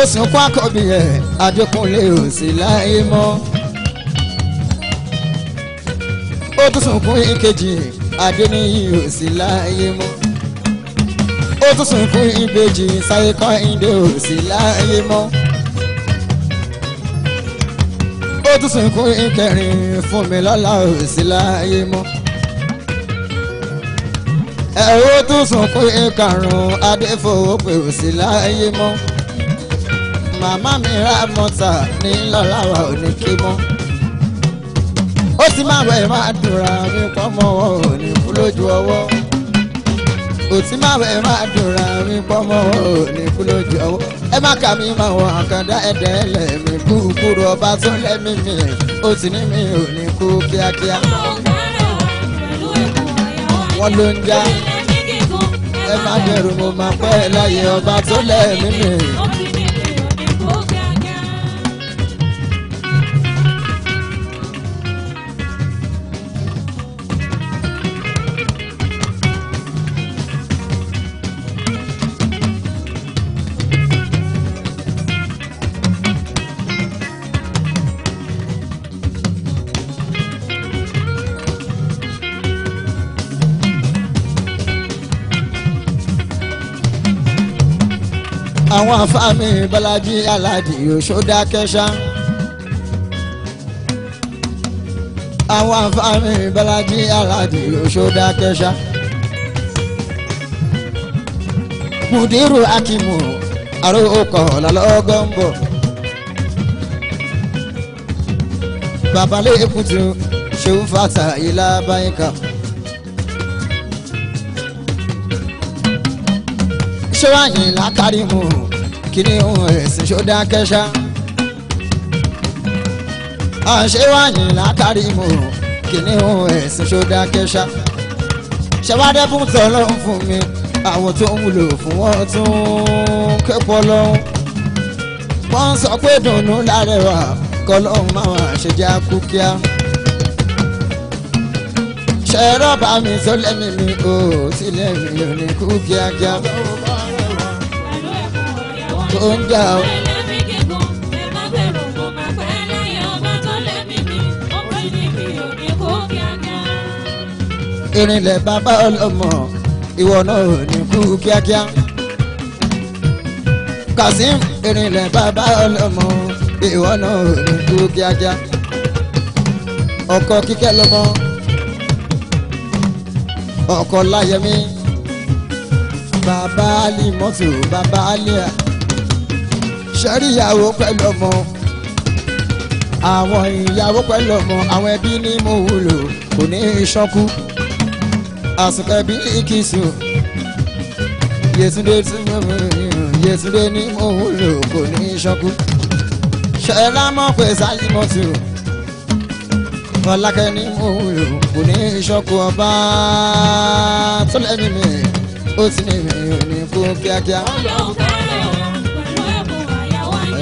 ó sì ń kó àkọ́bí rẹ̀ Adékúnlé ò sí láyé mọ́. ó tún sunkún ìkejì Adéníyì ò sí láyé mọ́. ó tún sunkún ìbejì Sáyé Kẹ́hìndé ò sí láyé mọ́. ó tún sunkún ìkẹrin Fúnmilọ́lá ò sí láyé mọ́ ẹ̀rọ tún sùn pé karùn-ún adéfowópẹ̀rù sí láyé mọ́ màmá mi ra mọ́tà ní lọ́láwà ò ní kí mọ́ ó ti máa wẹ̀ máa dùnra mi pọ́nmọ́ wọn ò ní kú lójú ọwọ́ ó ti máa wẹ̀ máa dùnra mi pọ́nmọ́ wọn ò ní kú lójú ọwọ́ ẹ má kà mí máa wọ àkàndá ẹ̀dẹ̀ ẹlẹ̀ mi kú kúrò ọba tó lẹ́mí mi ó ti ní mi ò ní kú kíákíá wọ́n ló ń já ẹ má bẹ̀rù mo máa pẹ́ láyé ọba tó lẹ́ẹ̀mí mi. àwọn afámi bọ́lájí aládì òṣòdà kẹsà. àwọn afámi bọ́lájí aládì òṣòdà kẹsà. mùdírù akimu àrò ọkọ̀ lọ́lọ́gọ́ǹbọ̀. babalẹ̀ èkútù ṣeun fata ìlà báyìíkà. ṣéwáyìn lákàrí mu kíní ohun ẹ̀sìn ṣódà kẹ́sà. àṣewáyé látàrí mo kíní ohun ẹ̀sìn ṣódà kẹ́sà. ṣẹwádẹ́ fún tọ́lọ́ fún mi àwọn tó ń wúlò fún wọn tún kẹ́pọ̀ lọ́hún. wọ́n sọ pé dùnú lárẹ̀wà kọ́lọ́hún máa ṣèjà kú kíá ṣẹ́rọ̀ bá mi sọ lẹ́mìí mi ò sílẹ̀ mi ò kú kíákíá tó ń jà ó. bàbá ọlọ́mọ ìwọ náà ní kú kíákíá. Kazeem ìrìnlẹ̀ bàbá ọlọ́mọ ìwọ náà ní kú kíákíá. ọkọ kíkẹ́ lọ́mọ ọkọ láyẹmí bàbá àlì mọ́tò bàbá àlì ṣẹ́rí ìyàwó pẹ̀lú ọmọ àwọn ìyàwó pẹ̀lú ọmọ àwọn ẹbí ni mo wúlò kò ní ìṣọ́kú àsìkò bí kìsù Yétúndé tí mo Yétúndé ni mo wúlò kò ní ìṣọ́kú ṣẹlá mọ̀ pé sáyé mọ̀ tù fọlákẹ́ ni mo wúlò kò ní ìṣọ́kú ọba tó lẹ́nu mi ó ti ní mi ò ní kú kíákíá. ọlọ́ọ̀ká.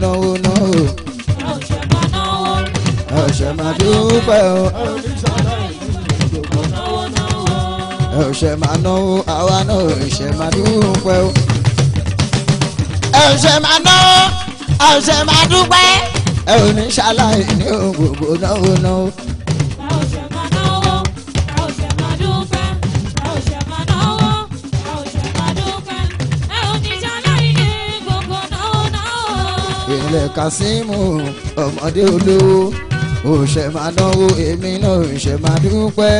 náwó náà o. ọ̀sẹ̀ máa náwó. ọ̀sẹ̀ máa dúpẹ́ o. ọ̀sẹ̀ máa náwó àwa náà ọ̀sẹ̀ máa dúpẹ́ o. ọ̀sẹ̀ máa náwó ọ̀sẹ̀ máa dúpẹ́. ẹ ò ní ṣàlàyé ní gbogbo náwó náà. Kasimu ọmọdé olówó ò ṣe máa náwó èmi náà ò ṣe máa dúpẹ́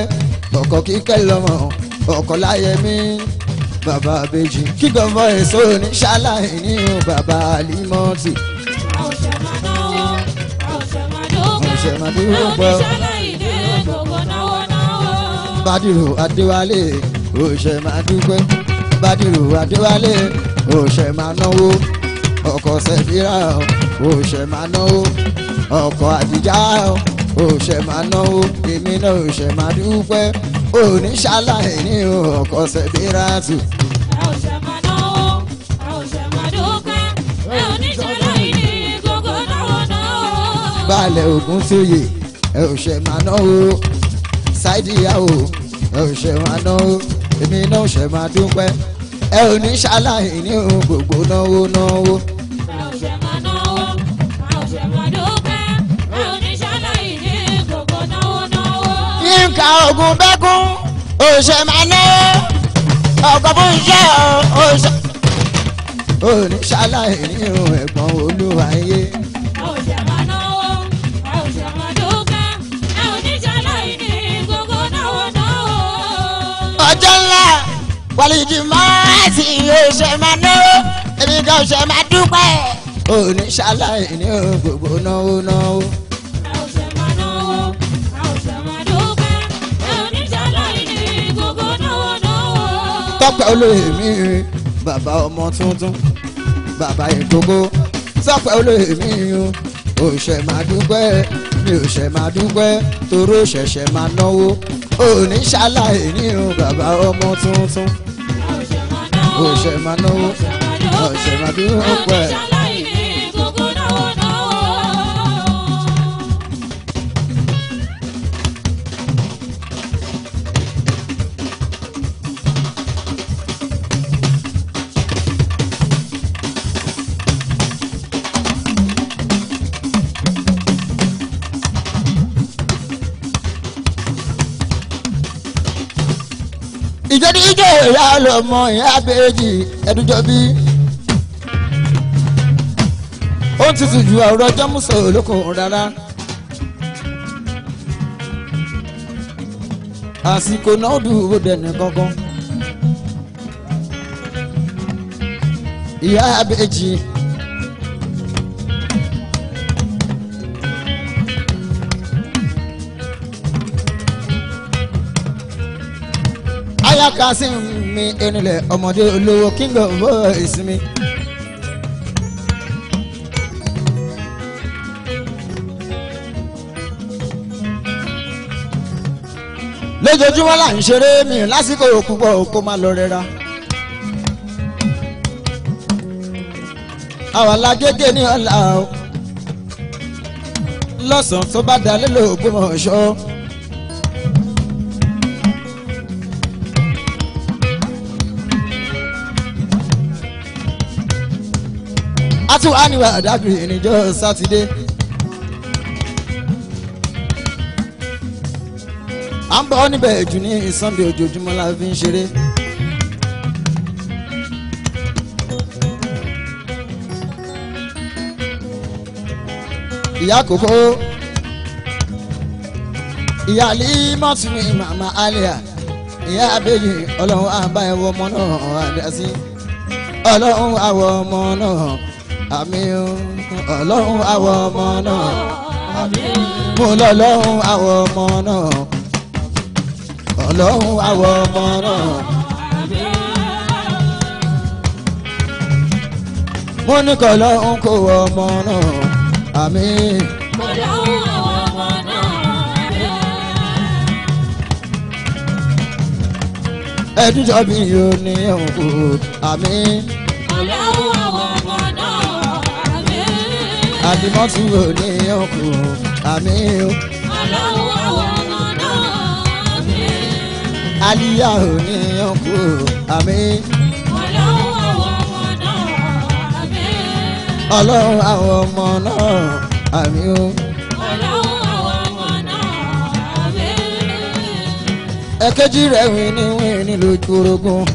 ọkọ̀ kíkẹ́ lọ́mọ ọkọ̀ láyé mi bàbá àbèjì kí gọ́fọ́ èso ní ṣáláì ní o bàbá àlímọ́tì. a ò ṣe máa náwó a ò ṣe máa dúpẹ́ a ò ṣe máa dúpẹ́ a ò ní máa náwó ọkọ̀ sẹ́fìrà ò ṣe máa náwó ọkọ àdìjá ò ṣe máa náwó èmi náà ò ṣe máa dúpẹ́ oníṣàlàyé ní ọkọ sẹbíràtù. ẹ ò ṣe máa náwó ẹ ò ṣe máa dúpẹ́ ẹ oníṣàlàyé ní gbogbo náwó náà. balẹ̀ ògùn tóye ẹ ò ṣe máa náwó ṣáìdìyà o ẹ ò ṣe máa náwó èmi náà ò ṣe máa dúpẹ́ ẹ oníṣàlàyé ní gbogbo náwó náwó. ìka ogun bẹ́kún òṣè máa ná ọkọ̀ fún iṣẹ́ òṣè. oníṣàlàyé ní ohun ẹ̀gbọ́n olúwa yé. ọjọ́ ńlá wàlíjì mọ́ọ̀sì òṣè máa ná èmi kan òṣè máa dúpẹ́. oníṣàlàyé ní ohun gbogbo náwó náwó. tọ́pẹ́ olóyèmí rin bàbá ọmọ tuntun bàbá ìkókó tọ́pẹ́ olóyèmí rin òṣè máa dúpẹ́ mi òṣè máa dúpẹ́ toró ṣẹ̀ṣẹ̀ máa náwó òní ṣàlàyé nírun bàbá ọmọ tuntun òṣè máa náwó òṣè máa dúpẹ́. ìyá lọmọ ìyá bèjì ẹdújọ bí. ó ti tù ju àwòrán ọjọ́ mú sọ̀rọ̀ lóko rárá. àsìkò náà dùn ó dẹ̀nì ìyá bèjì. Yahya Kasim mi enilẹ̀ ọmọdé olówó king of boys mi. lójoojúmọ́ là ń ṣeré mi lásìkò púpọ̀ kó má lọ rẹra. àwọn alágége ní ọ̀la lọ́sàn-án tó bá dalé lóògbé mọ̀ Cattle annual in ìníjọ́ sátidé. à ń bọ̀ níbẹ̀ jù ní Sunday ojoojúmọ́ la fi ń ṣeré. ìyá kòkó ìyá alimọ́tún màmá alia ìyá abẹ́yẹ ọlọ́run àbá ọmọ náà àdásí ọlọ́run àwọ̀ ọmọ náà àmì ọlọ́run àwọn ọmọ náà mo lọ́lọ́run àwọn ọmọ náà ọlọ́run àwọn ọmọ náà. mo ní kọ́ lọ́hún kó ọmọ náà àmì. ọmọ náà àmì. ẹdújọ́ mi yóò ní ọ̀hún kó àmì. mo lọ́hún àdìmọ́tù ò ní òkú àmì o. ọlọ́wọ́ ọmọ náà mi. àlìyá ò ní òkú àmì. ọlọ́wọ́ ọmọ náà mi. ọlọ́wọ́ àwọn ọmọ náà àmì o. ọlọ́wọ́ ọmọ náà mi. ẹ̀kejì rẹ̀ wí ní lójú orogún.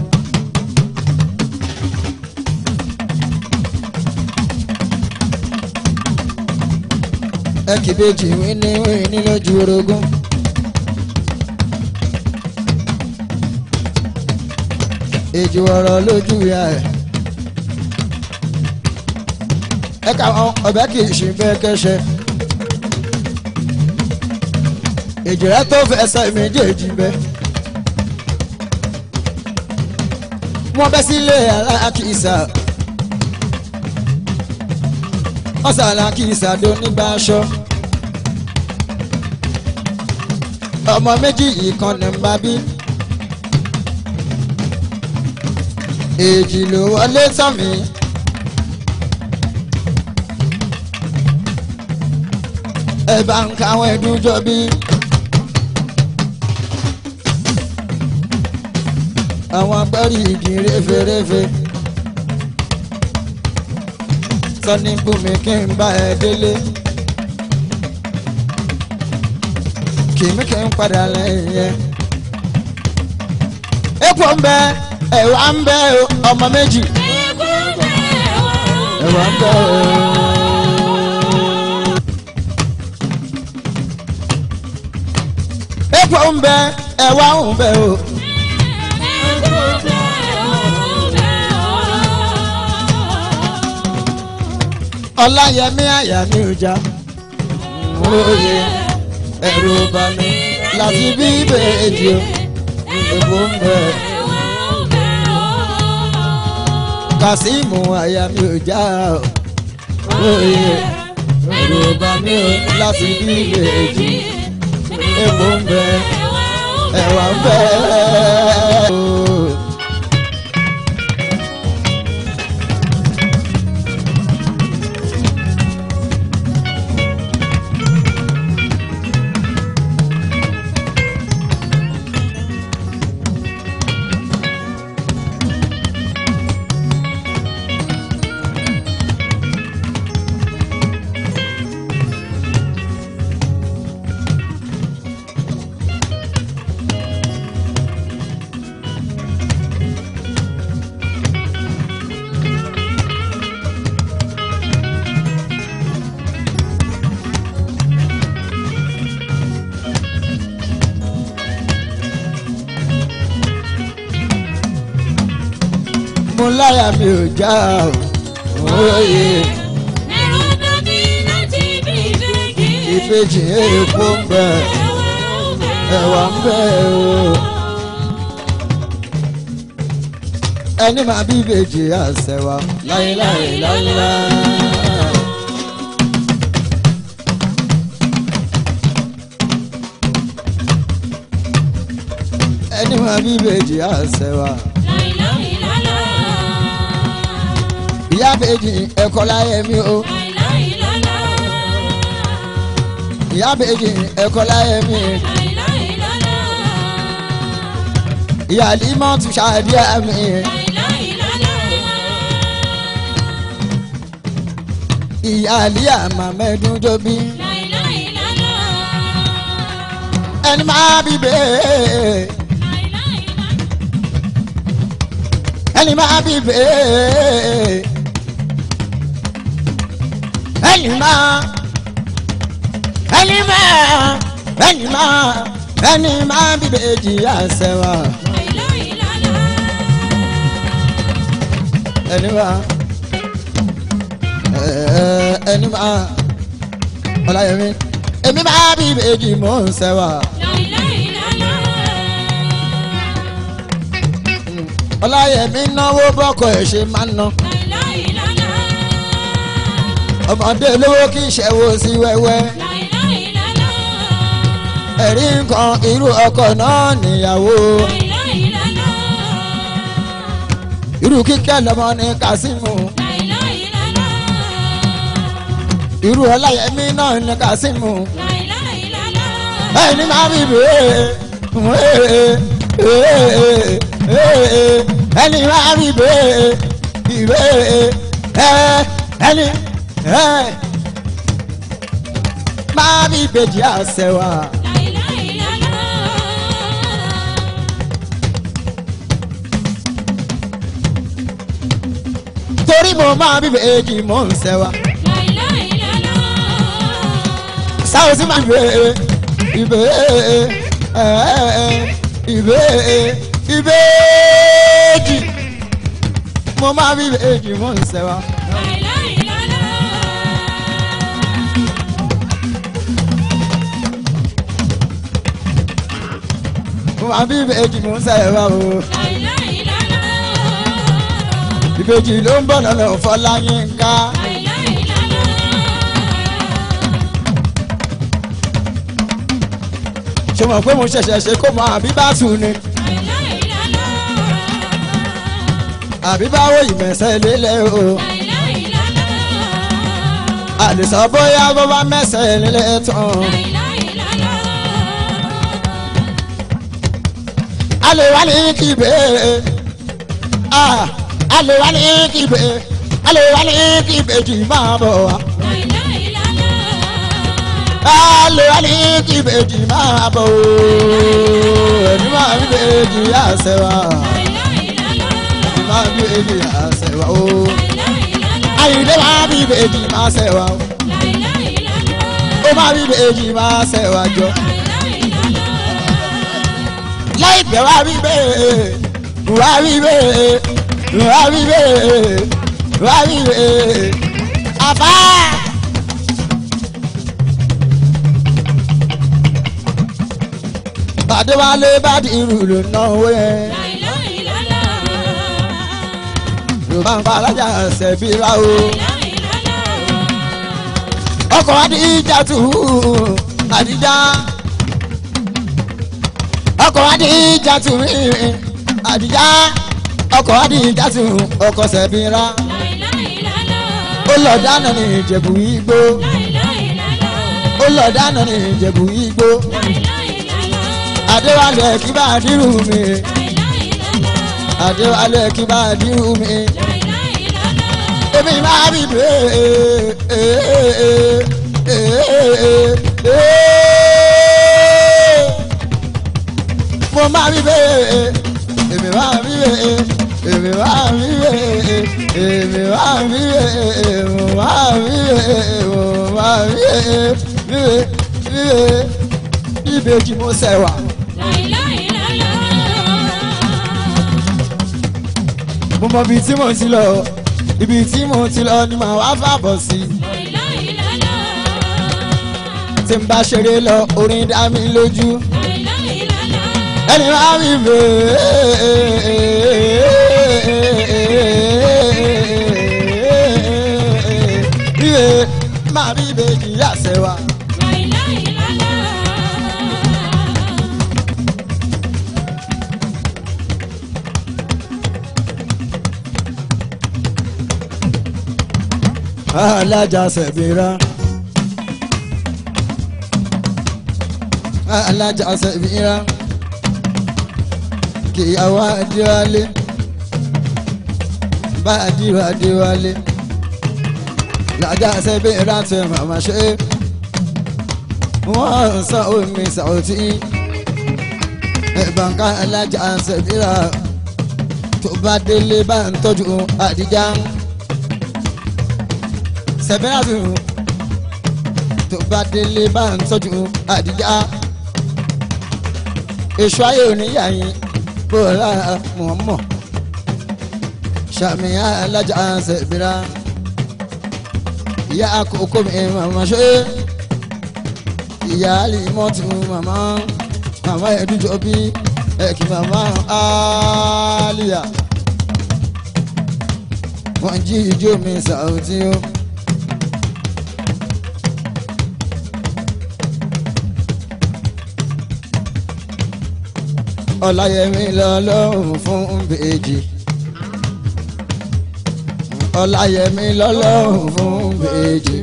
ẹkìbejì wíní wíní lójú orogún. èjì ọ̀rọ̀ lójú ìyá ẹ̀. ẹ káwọn ọ̀bẹ kì í ṣe bẹ́ẹ̀ kẹ́sẹ̀. èjì rẹ tó fẹsẹ̀ méjèèjì bẹ́ẹ̀. wọ́n bẹ́ sílé alákìsà ọ̀sán alákìsà tó nígbà aṣọ. ọmọ méjì yìí kan ní bá bí. èjì ló wọlé tán mi. ẹ bá ń káwọn ẹdún jọ bí. àwọn apẹ́rì igi réferéfe. sọ ní bùnmi kí n bá ẹ délé. ṣe mẹ́kẹ́ ń padà lẹ́yìn. Èkó ń bẹ ẹ̀wà ń bẹ ọmọ méjì. Ẹ̀wà ń bẹ ẹ̀wà. Èkó ń bẹ ẹ̀wà ń bẹ o. Ọláyẹmí àyà mi ò Oh yeah ẹ̀rù bà mí láti bí ìbejì o èkó ń bẹ. Kàsímù àyà mi ò já o òye ẹ̀rù bà mí láti bí ìbejì èkó ń bẹ ẹ̀wà ń bẹ. òye. ẹ̀rọ dàbí láti bí ìdíkì. ìbejì èkó ń bẹ ẹ̀wà ń bẹ o. ẹni máa bí ìbejì àṣẹwà láéláé láéláé. ẹni máa bí ìbejì àṣẹwà. ìyá bèjì ẹ̀kọ́ láyé mi o. ìyá bèjì ẹ̀kọ́ láyé mi. ìyá limọ́ tún ṣàdí àmì. ìyá àlíyà màmẹ́dún tó bí. ẹni máa bí bẹ́ẹ̀. ẹni máa bí bẹ́ẹ̀ ẹnìmọ ẹnìmọ ẹnìmọ ẹnìmọ bíbèjì àṣẹwà. ẹnìmọ ẹnìmọ ọláyẹmí èmi máa bíbèjì mò ń ṣẹwà. ọláyẹmí náwó bọ́kọ̀ ẹ̀ ṣe máa ń ná ọmọdé lówó kì í ṣẹ̀wò sí wẹ́wẹ́. ẹ̀rí nǹkan irú ọkọ náà nìyàwó. irú kíkẹ́ lọ́mọ ní Kasimu. irú Ọláyẹmí náà ní Kasimu. ẹni máa bí bèè ẹni máa bí bèè ẹni má bí ìbejì àṣẹ wa. torí mo máa bí ìbejì mò ń ṣẹ wa. sáwọn sí máa ń bèèrè ìbéèrè eh, ìbéèrè ìbéèjì mo máa bí ìbéèjì mò ń ṣẹ wa. àbí ìbejì mò ń sẹ́yìn wá o. ìbejì ló ń bọ̀ lọ́nà Fọláyínká. ṣé mọ̀ pé mo ṣẹ̀ṣẹ̀ ṣe kó mọ àbí bá tù ni. àbí báwo ìmẹ̀sẹ̀ lélẹ̀ o. àlè sọ bóyá bó bá mẹ̀sẹ̀ lélẹ̀ tán. alewale kibe ah alewale kibe alewale kibe ji máa bọ̀ wá. alewale kibe ji máa bọ̀ o ẹni máa ń gbé ji àṣẹ wa ẹni máa ń gbé ji àṣẹ wa o àyìnlẹ́ máa bí ìbejì máa ṣẹ̀ wá o ma bi bí ìbejì máa ṣẹ̀ wá ìfẹ́ wá wí bẹ́ẹ̀ wá wí bẹ́ẹ̀ wá wí bẹ́ẹ̀ wá wí bẹ́ẹ̀ àbá. bàdé wa lé bàdé irú ló ná ń fa alájà ṣẹ̀bi ra o. ọkọ̀ adìjà tù ú àdìjà ọkọ̀ adìjà tù mí àdìjá ọkọ̀ adìjà tù ọkọ̀ sẹ̀bìnrin ó lọ dáná ní ìjẹ̀bù igbó ó lọ dáná ní ìjẹ̀bù igbó adéwálé kí bá dírù mi adéwálé kí bá dírù mi èmi máa bìbè. mo máa rí bẹ́ẹ̀ èmi máa rí bẹ́ẹ̀ èmi máa rí bẹ́ẹ̀ èmi máa rí bẹ́ẹ̀ mo máa rí bẹ́ẹ̀ mo máa rí bẹ́ẹ̀ bíbẹ́ bíbẹ́ bíbejì mo ṣẹ̀wà. mo mọ ibi tí mo ti lọ ibi tí mo ti lọ ni màá wá fàbọ̀ sí i tí n bá ṣeré lọ orin dá mi lójú ẹni wá wí bẹ́ẹ̀. Bíbe máa rí ìbejì yá sẹ́wà. alájà sẹ̀bìrà. alájà sẹ̀bìrà kì í àwa adéwálé bá adíwá adéwálé làjà sẹ́bí rántí màmá ṣe wọ́n san omi sàwọ́tì ìbànká alájà sẹ́bí rà tó bá délé bá ń tọ́jú àdíjà sẹ́bí rà tó tó bá délé bá ń tọ́jú àdíjà èso ayé oníyàyín bọ́lá mọ̀mọ́ sàmì alájà ṣèbíra ìyá àkókò mi màmá ṣe ìyá àlìmọ́ ti mú màmá màmá ẹ̀dújọ́ bí ẹ̀kí màmá àlìyà wọ́n jí ijó mi sàùtì o. ọláyẹmí lọ́lọ́run fún bèjì ọláyẹmí lọ́lọ́run fún bèjì.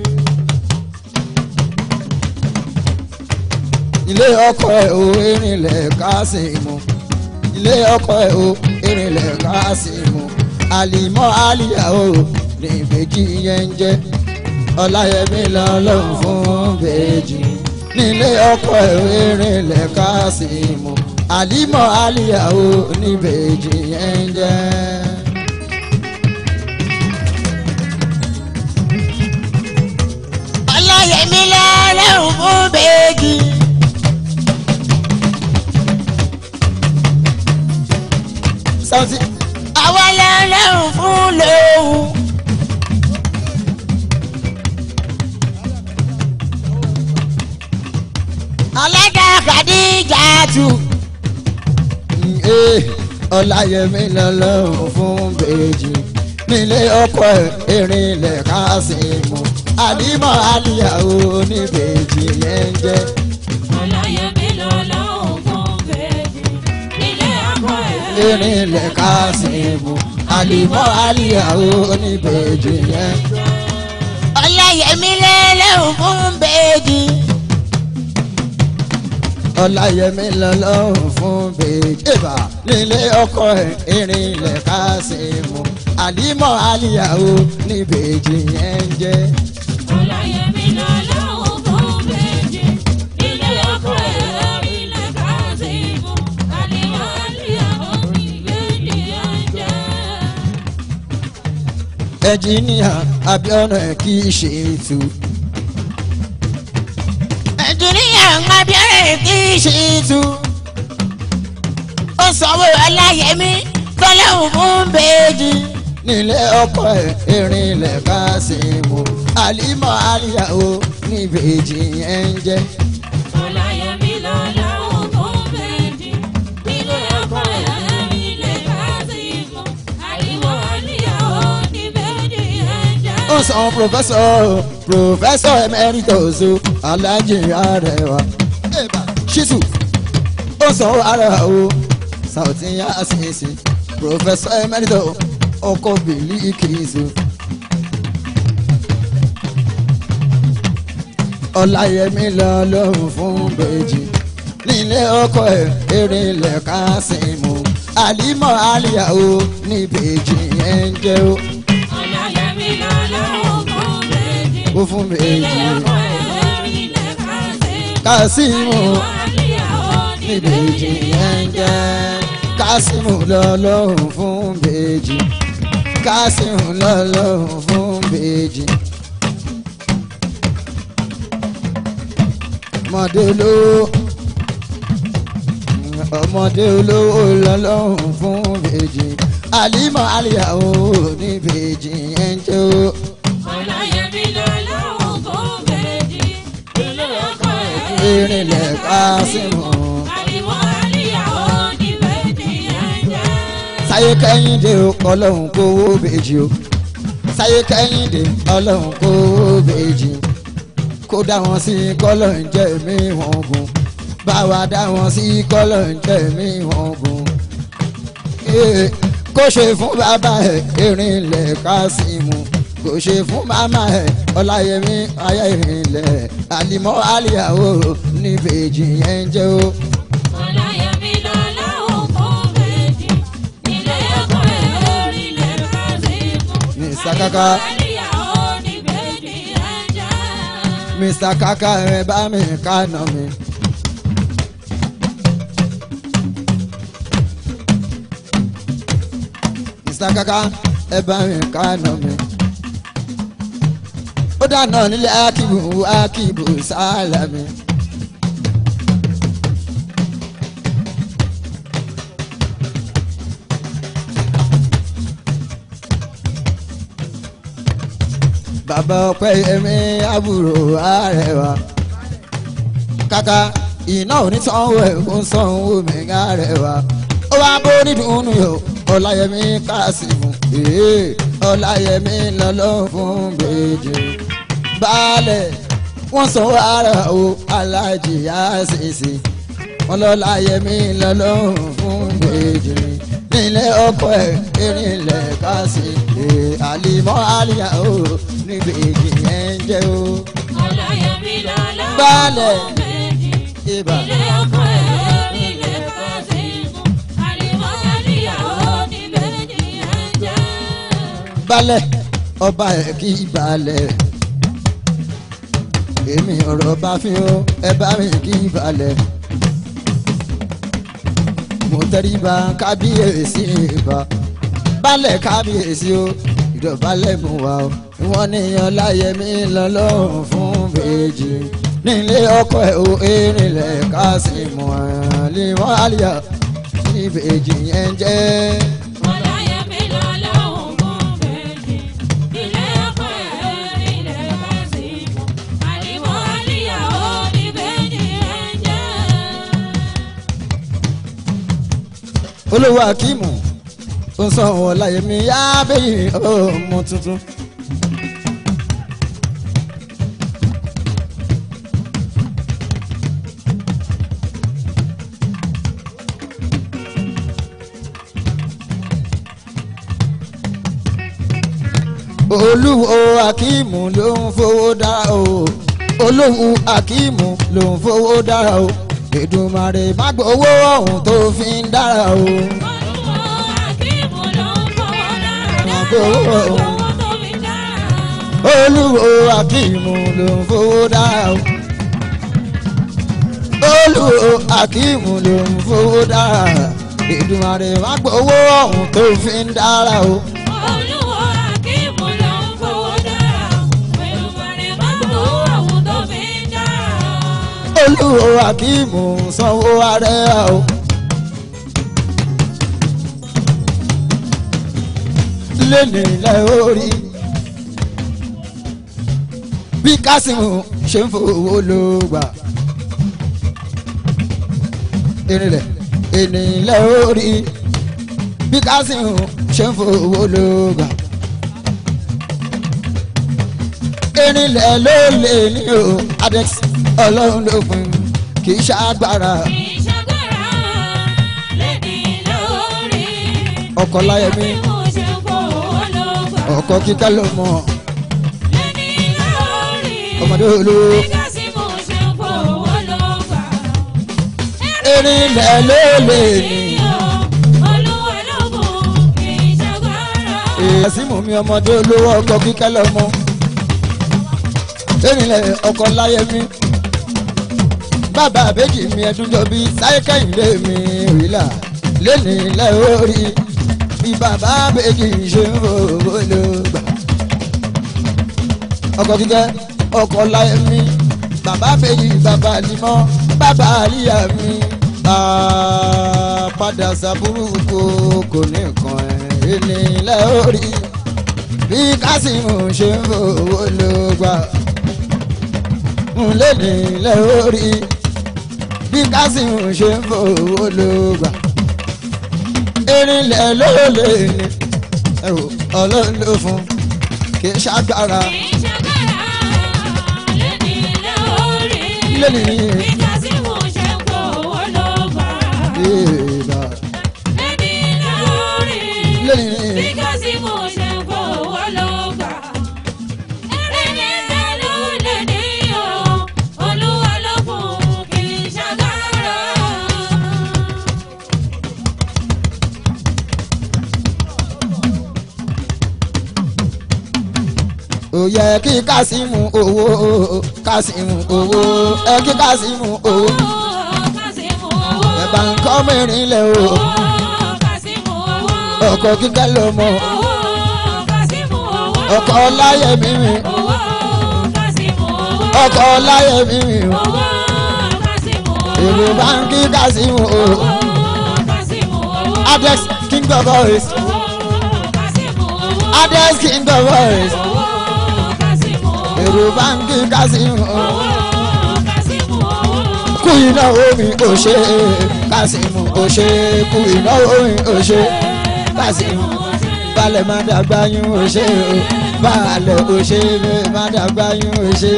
ilé ọkọ ẹ o erinlẹ̀ káàsì mu ilé ọkọ ẹ o erinlẹ̀ káàsì mu àlìmọ́ àlìyá o ní ìbejì yẹn ń jẹ́ ọláyẹmí lọ́lọ́run fún bèjì nílé ọkọ ẹ o erinlẹ̀ káàsì àlímọ̀ àlìyàwó oníbejì yẹn ń jẹ́. ọláyẹmí lọ́lọ́run fún bèèjì. sọ́ọ̀tì. àwa lọ́lọ́run fún lòun. alága Khadijatu ọláyẹmí lọ́lọ́run fún bèjì nílé ọkọ erinlẹ̀ kásìmù àdìmọ̀ àlìyàwó ní bèjì yẹn ń jẹ́. ọláyẹmí lọ́lọ́run fún bèjì nílé ọkọ erinlẹ̀ kásìmù àdìmọ̀ àlìyàwó ní bèjì yẹn. ọláyẹmí lọ́lọ́run fún bèjì ọláyẹmí lọ́lọ́run fún bèjèbà nílé ọkọ ẹ̀ ìrìnlẹ̀ kásìmù àlímọ̀ àlìyàwó ní bèjì yẹn ń jẹ́. ọláyẹmí lọ́lọ́run fún bèjì nílé ọkọ ẹ̀ ìrìnlẹ̀ kásìmù àlímọ̀ àlìyàwó ní bèjì yẹn ń jẹ́. ẹ̀jìníà Abíọ́nà kì í ṣe ètò. ẹ̀jìníà Abíọ́nà tí í ṣe tu. ó sanwó ọláyẹmí tọ́lẹ́hùn fún bèèdì. nílé ọkọ ìrìnlẹ̀ bá ṣe mú àlímọ̀ àríyàwó níbejì yẹn yẹn jẹ́. ó sọ pòfẹ́sọ̀ pòfẹ́sọ̀ emeritus alájì Arẹwà ṣítù ó san ara o sàùtì yá àṣìṣe pòfẹsọ ẹmẹrìtọ ọkọ bìlí kìíṣù. ọláyẹmí lọ lọ́hùn fún bèjì nílé ọkọ ẹ eré ilẹ̀ kásìmù àlímọ̀ àlìyá o ní bèjì yẹn ń jẹ́ o. ọláyẹmí lọ lọ́hùn fún bèjì nílé ọkọ ẹ eré ilẹ̀ kásìmù. kásìmù méjèèjì yẹn jẹ́ kásímù lọ́lọ́run fún méjì kásímù lọ́lọ́run fún méjì. ọmọdé olówó ọmọdé olówó lọ́lọ́run fún méjì àlímọ̀ àlìyàwó ní méjì yẹn jẹ́ o. ọ̀làyẹ̀mí lọ́lọ́run fún méjì lọ́lọ́kọ̀ ẹ̀jẹ̀ ìrìnlẹ̀ kásímù. sáyé kẹ́hìndé o ọlọ́run kówó bèjì o sáyé kẹ́hìndé ọlọ́run kówó bèjì kó dá wọn sí kọ́lọ̀ ń jẹ́ mí wọn gùn bá wa dá wọn sí kọ́lọ̀ ń jẹ́ mí wọn gùn eh, kó ṣe fún bàbá ẹ̀ Erinlẹ̀ Kásímù kò ṣe fún màmá ẹ̀ Ọláyẹmí ayé Erinlẹ̀ àlìmọ́ àlìyàwó níbejì yẹn jẹ́ o. Kaka. Mr. Kaka ẹ bá mi kánà mi. Mr. Kaka ẹ bá mi kánà mi. Ó dáná nílé Akíbu Akíbu Sálàmì. bàbá ọpẹ́ èmi àbúrò àrẹwà kàkà iná ò ní sanwó ẹ̀ kó ń sanwó mi àrẹwà ó wá bó nídùnnú yọ ọláyẹmí kásìmù ee ọláyẹmí lọlọ fún bèjì baálẹ̀ wọ́n sanwó ara o alájì àṣìṣe ọlọ́láyẹmí lọlọ fún bèjì nílé ọkọ ẹ erin lẹ ká sí i àlìmọ́ àlìyá o níbi èjì yẹn jẹ́ o. ọláyẹmí lọ́lá ọkọ méjì ilé ọkọ ẹ balẹ̀ ọba ẹ̀ kí balẹ̀ èmi ọ̀rọ̀ bá fi ó ẹ bá mi kí balẹ̀ mọ̀tẹ́ríba kábíyèsí ìbá balẹ̀ kábíyèsí o ìdọ̀bálẹ̀ mú wa o wọ́n níyan láyé mi lọ́lọ́run fún bèjì nílé ọkọ ẹ̀ o erinlẹ̀ kásìmọ̀ ẹ̀ lè wọ́n àlìyà ní bèjì yẹn jẹ́. olówó akíìmù ó sọ ọ̀làyẹmí abẹ́yìn ọmọ tuntun. olúwo akimu, ló ń fowó dára o olúwo akimu, ló ń fowó dára o. Èdùmàrè má gbowó ọ̀hún tó fi ń dára o. olúwo akíìmù ló ń fowó dára o. olúwo akíìmù ló ń fowó dára Èdùmàrè má gbowó ọ̀hún tó fi ń dára o. olú àbímù sanwó ààrẹ o. lẹ́nu ilẹ̀ orí bí kásìmù ṣe ń fowó ló gbà. ìrìnlẹ̀ ìrìnlẹ̀ orí bí kásìmù ṣe ń fowó ló gbà. ìrìnlẹ̀ ló lè ní o adex ọlọ́run ló fún kì í ṣàgbára. ọkọ láyẹmí ọkọ kíkà ló mọ ọmọdé olówó. erinlẹ̀ ló lè ní. ìyàsímù mi ọmọdé olówó ọkọ kíkà ló mọ erinlẹ̀ ọkọ láyẹmí bàbá àbẹ́jì mi ẹ̀dùn jọbí sáyẹ́kẹ́ ìlé mi rìlà lẹ́nu ilẹ̀ orí bí bàbá àbẹ́jì ṣe ń fowó ló gbà. ọkọ̀ kíkẹ́ ọkọ̀ láyé mi bàbá àbẹ́jì bàbá àlìmọ́ bàbá àríyá mi padà sàbúrú kò kò ní nǹkan ẹ̀ lẹ́nu ilẹ̀ orí bí kásìmù ṣe ń fowó ló gbà. Lẹ́nu orí bí kásìmù ṣe ń fowó ló gbà erinlẹ̀ ló lè ní ẹ̀rù ọlọ́run ló fún kì í ṣàgbára. kì í ṣàgbára lẹ́ni lórí bí kásìmù ṣe ń fowó ló gbà. ó yẹ kí kásímù owó kásímù owó ẹ kí kásímù owó ẹ̀bà nǹkan mẹ́rin lẹ̀ o ọkọ̀ kíkẹ́ ló mọ̀ ọkọ̀ ọláyẹ̀ mímì ọkọ̀ ọláyẹ̀ mímì èrò báńkì kásímù owó Adex king of boys Adex king of boys èrò báńkì kásìmù kú ìnáwó mi ò ṣe kásìmù ò ṣe kú ìnáwó mi ò ṣe kásìmù balẹ̀ má dàgbà yín ò ṣe o balẹ̀ ò ṣe má dàgbà yín ò ṣe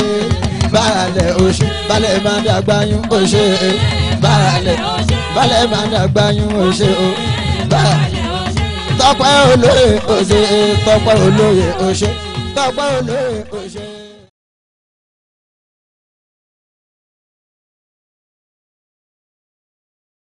balẹ̀ ò ṣe balẹ̀ má dàgbà yín ò ṣe balẹ̀ balẹ̀ má dàgbà yín ò ṣe o balẹ̀ tọpẹ́ olóye òṣè tọpẹ́ olóye òṣè tọpẹ́ olóye.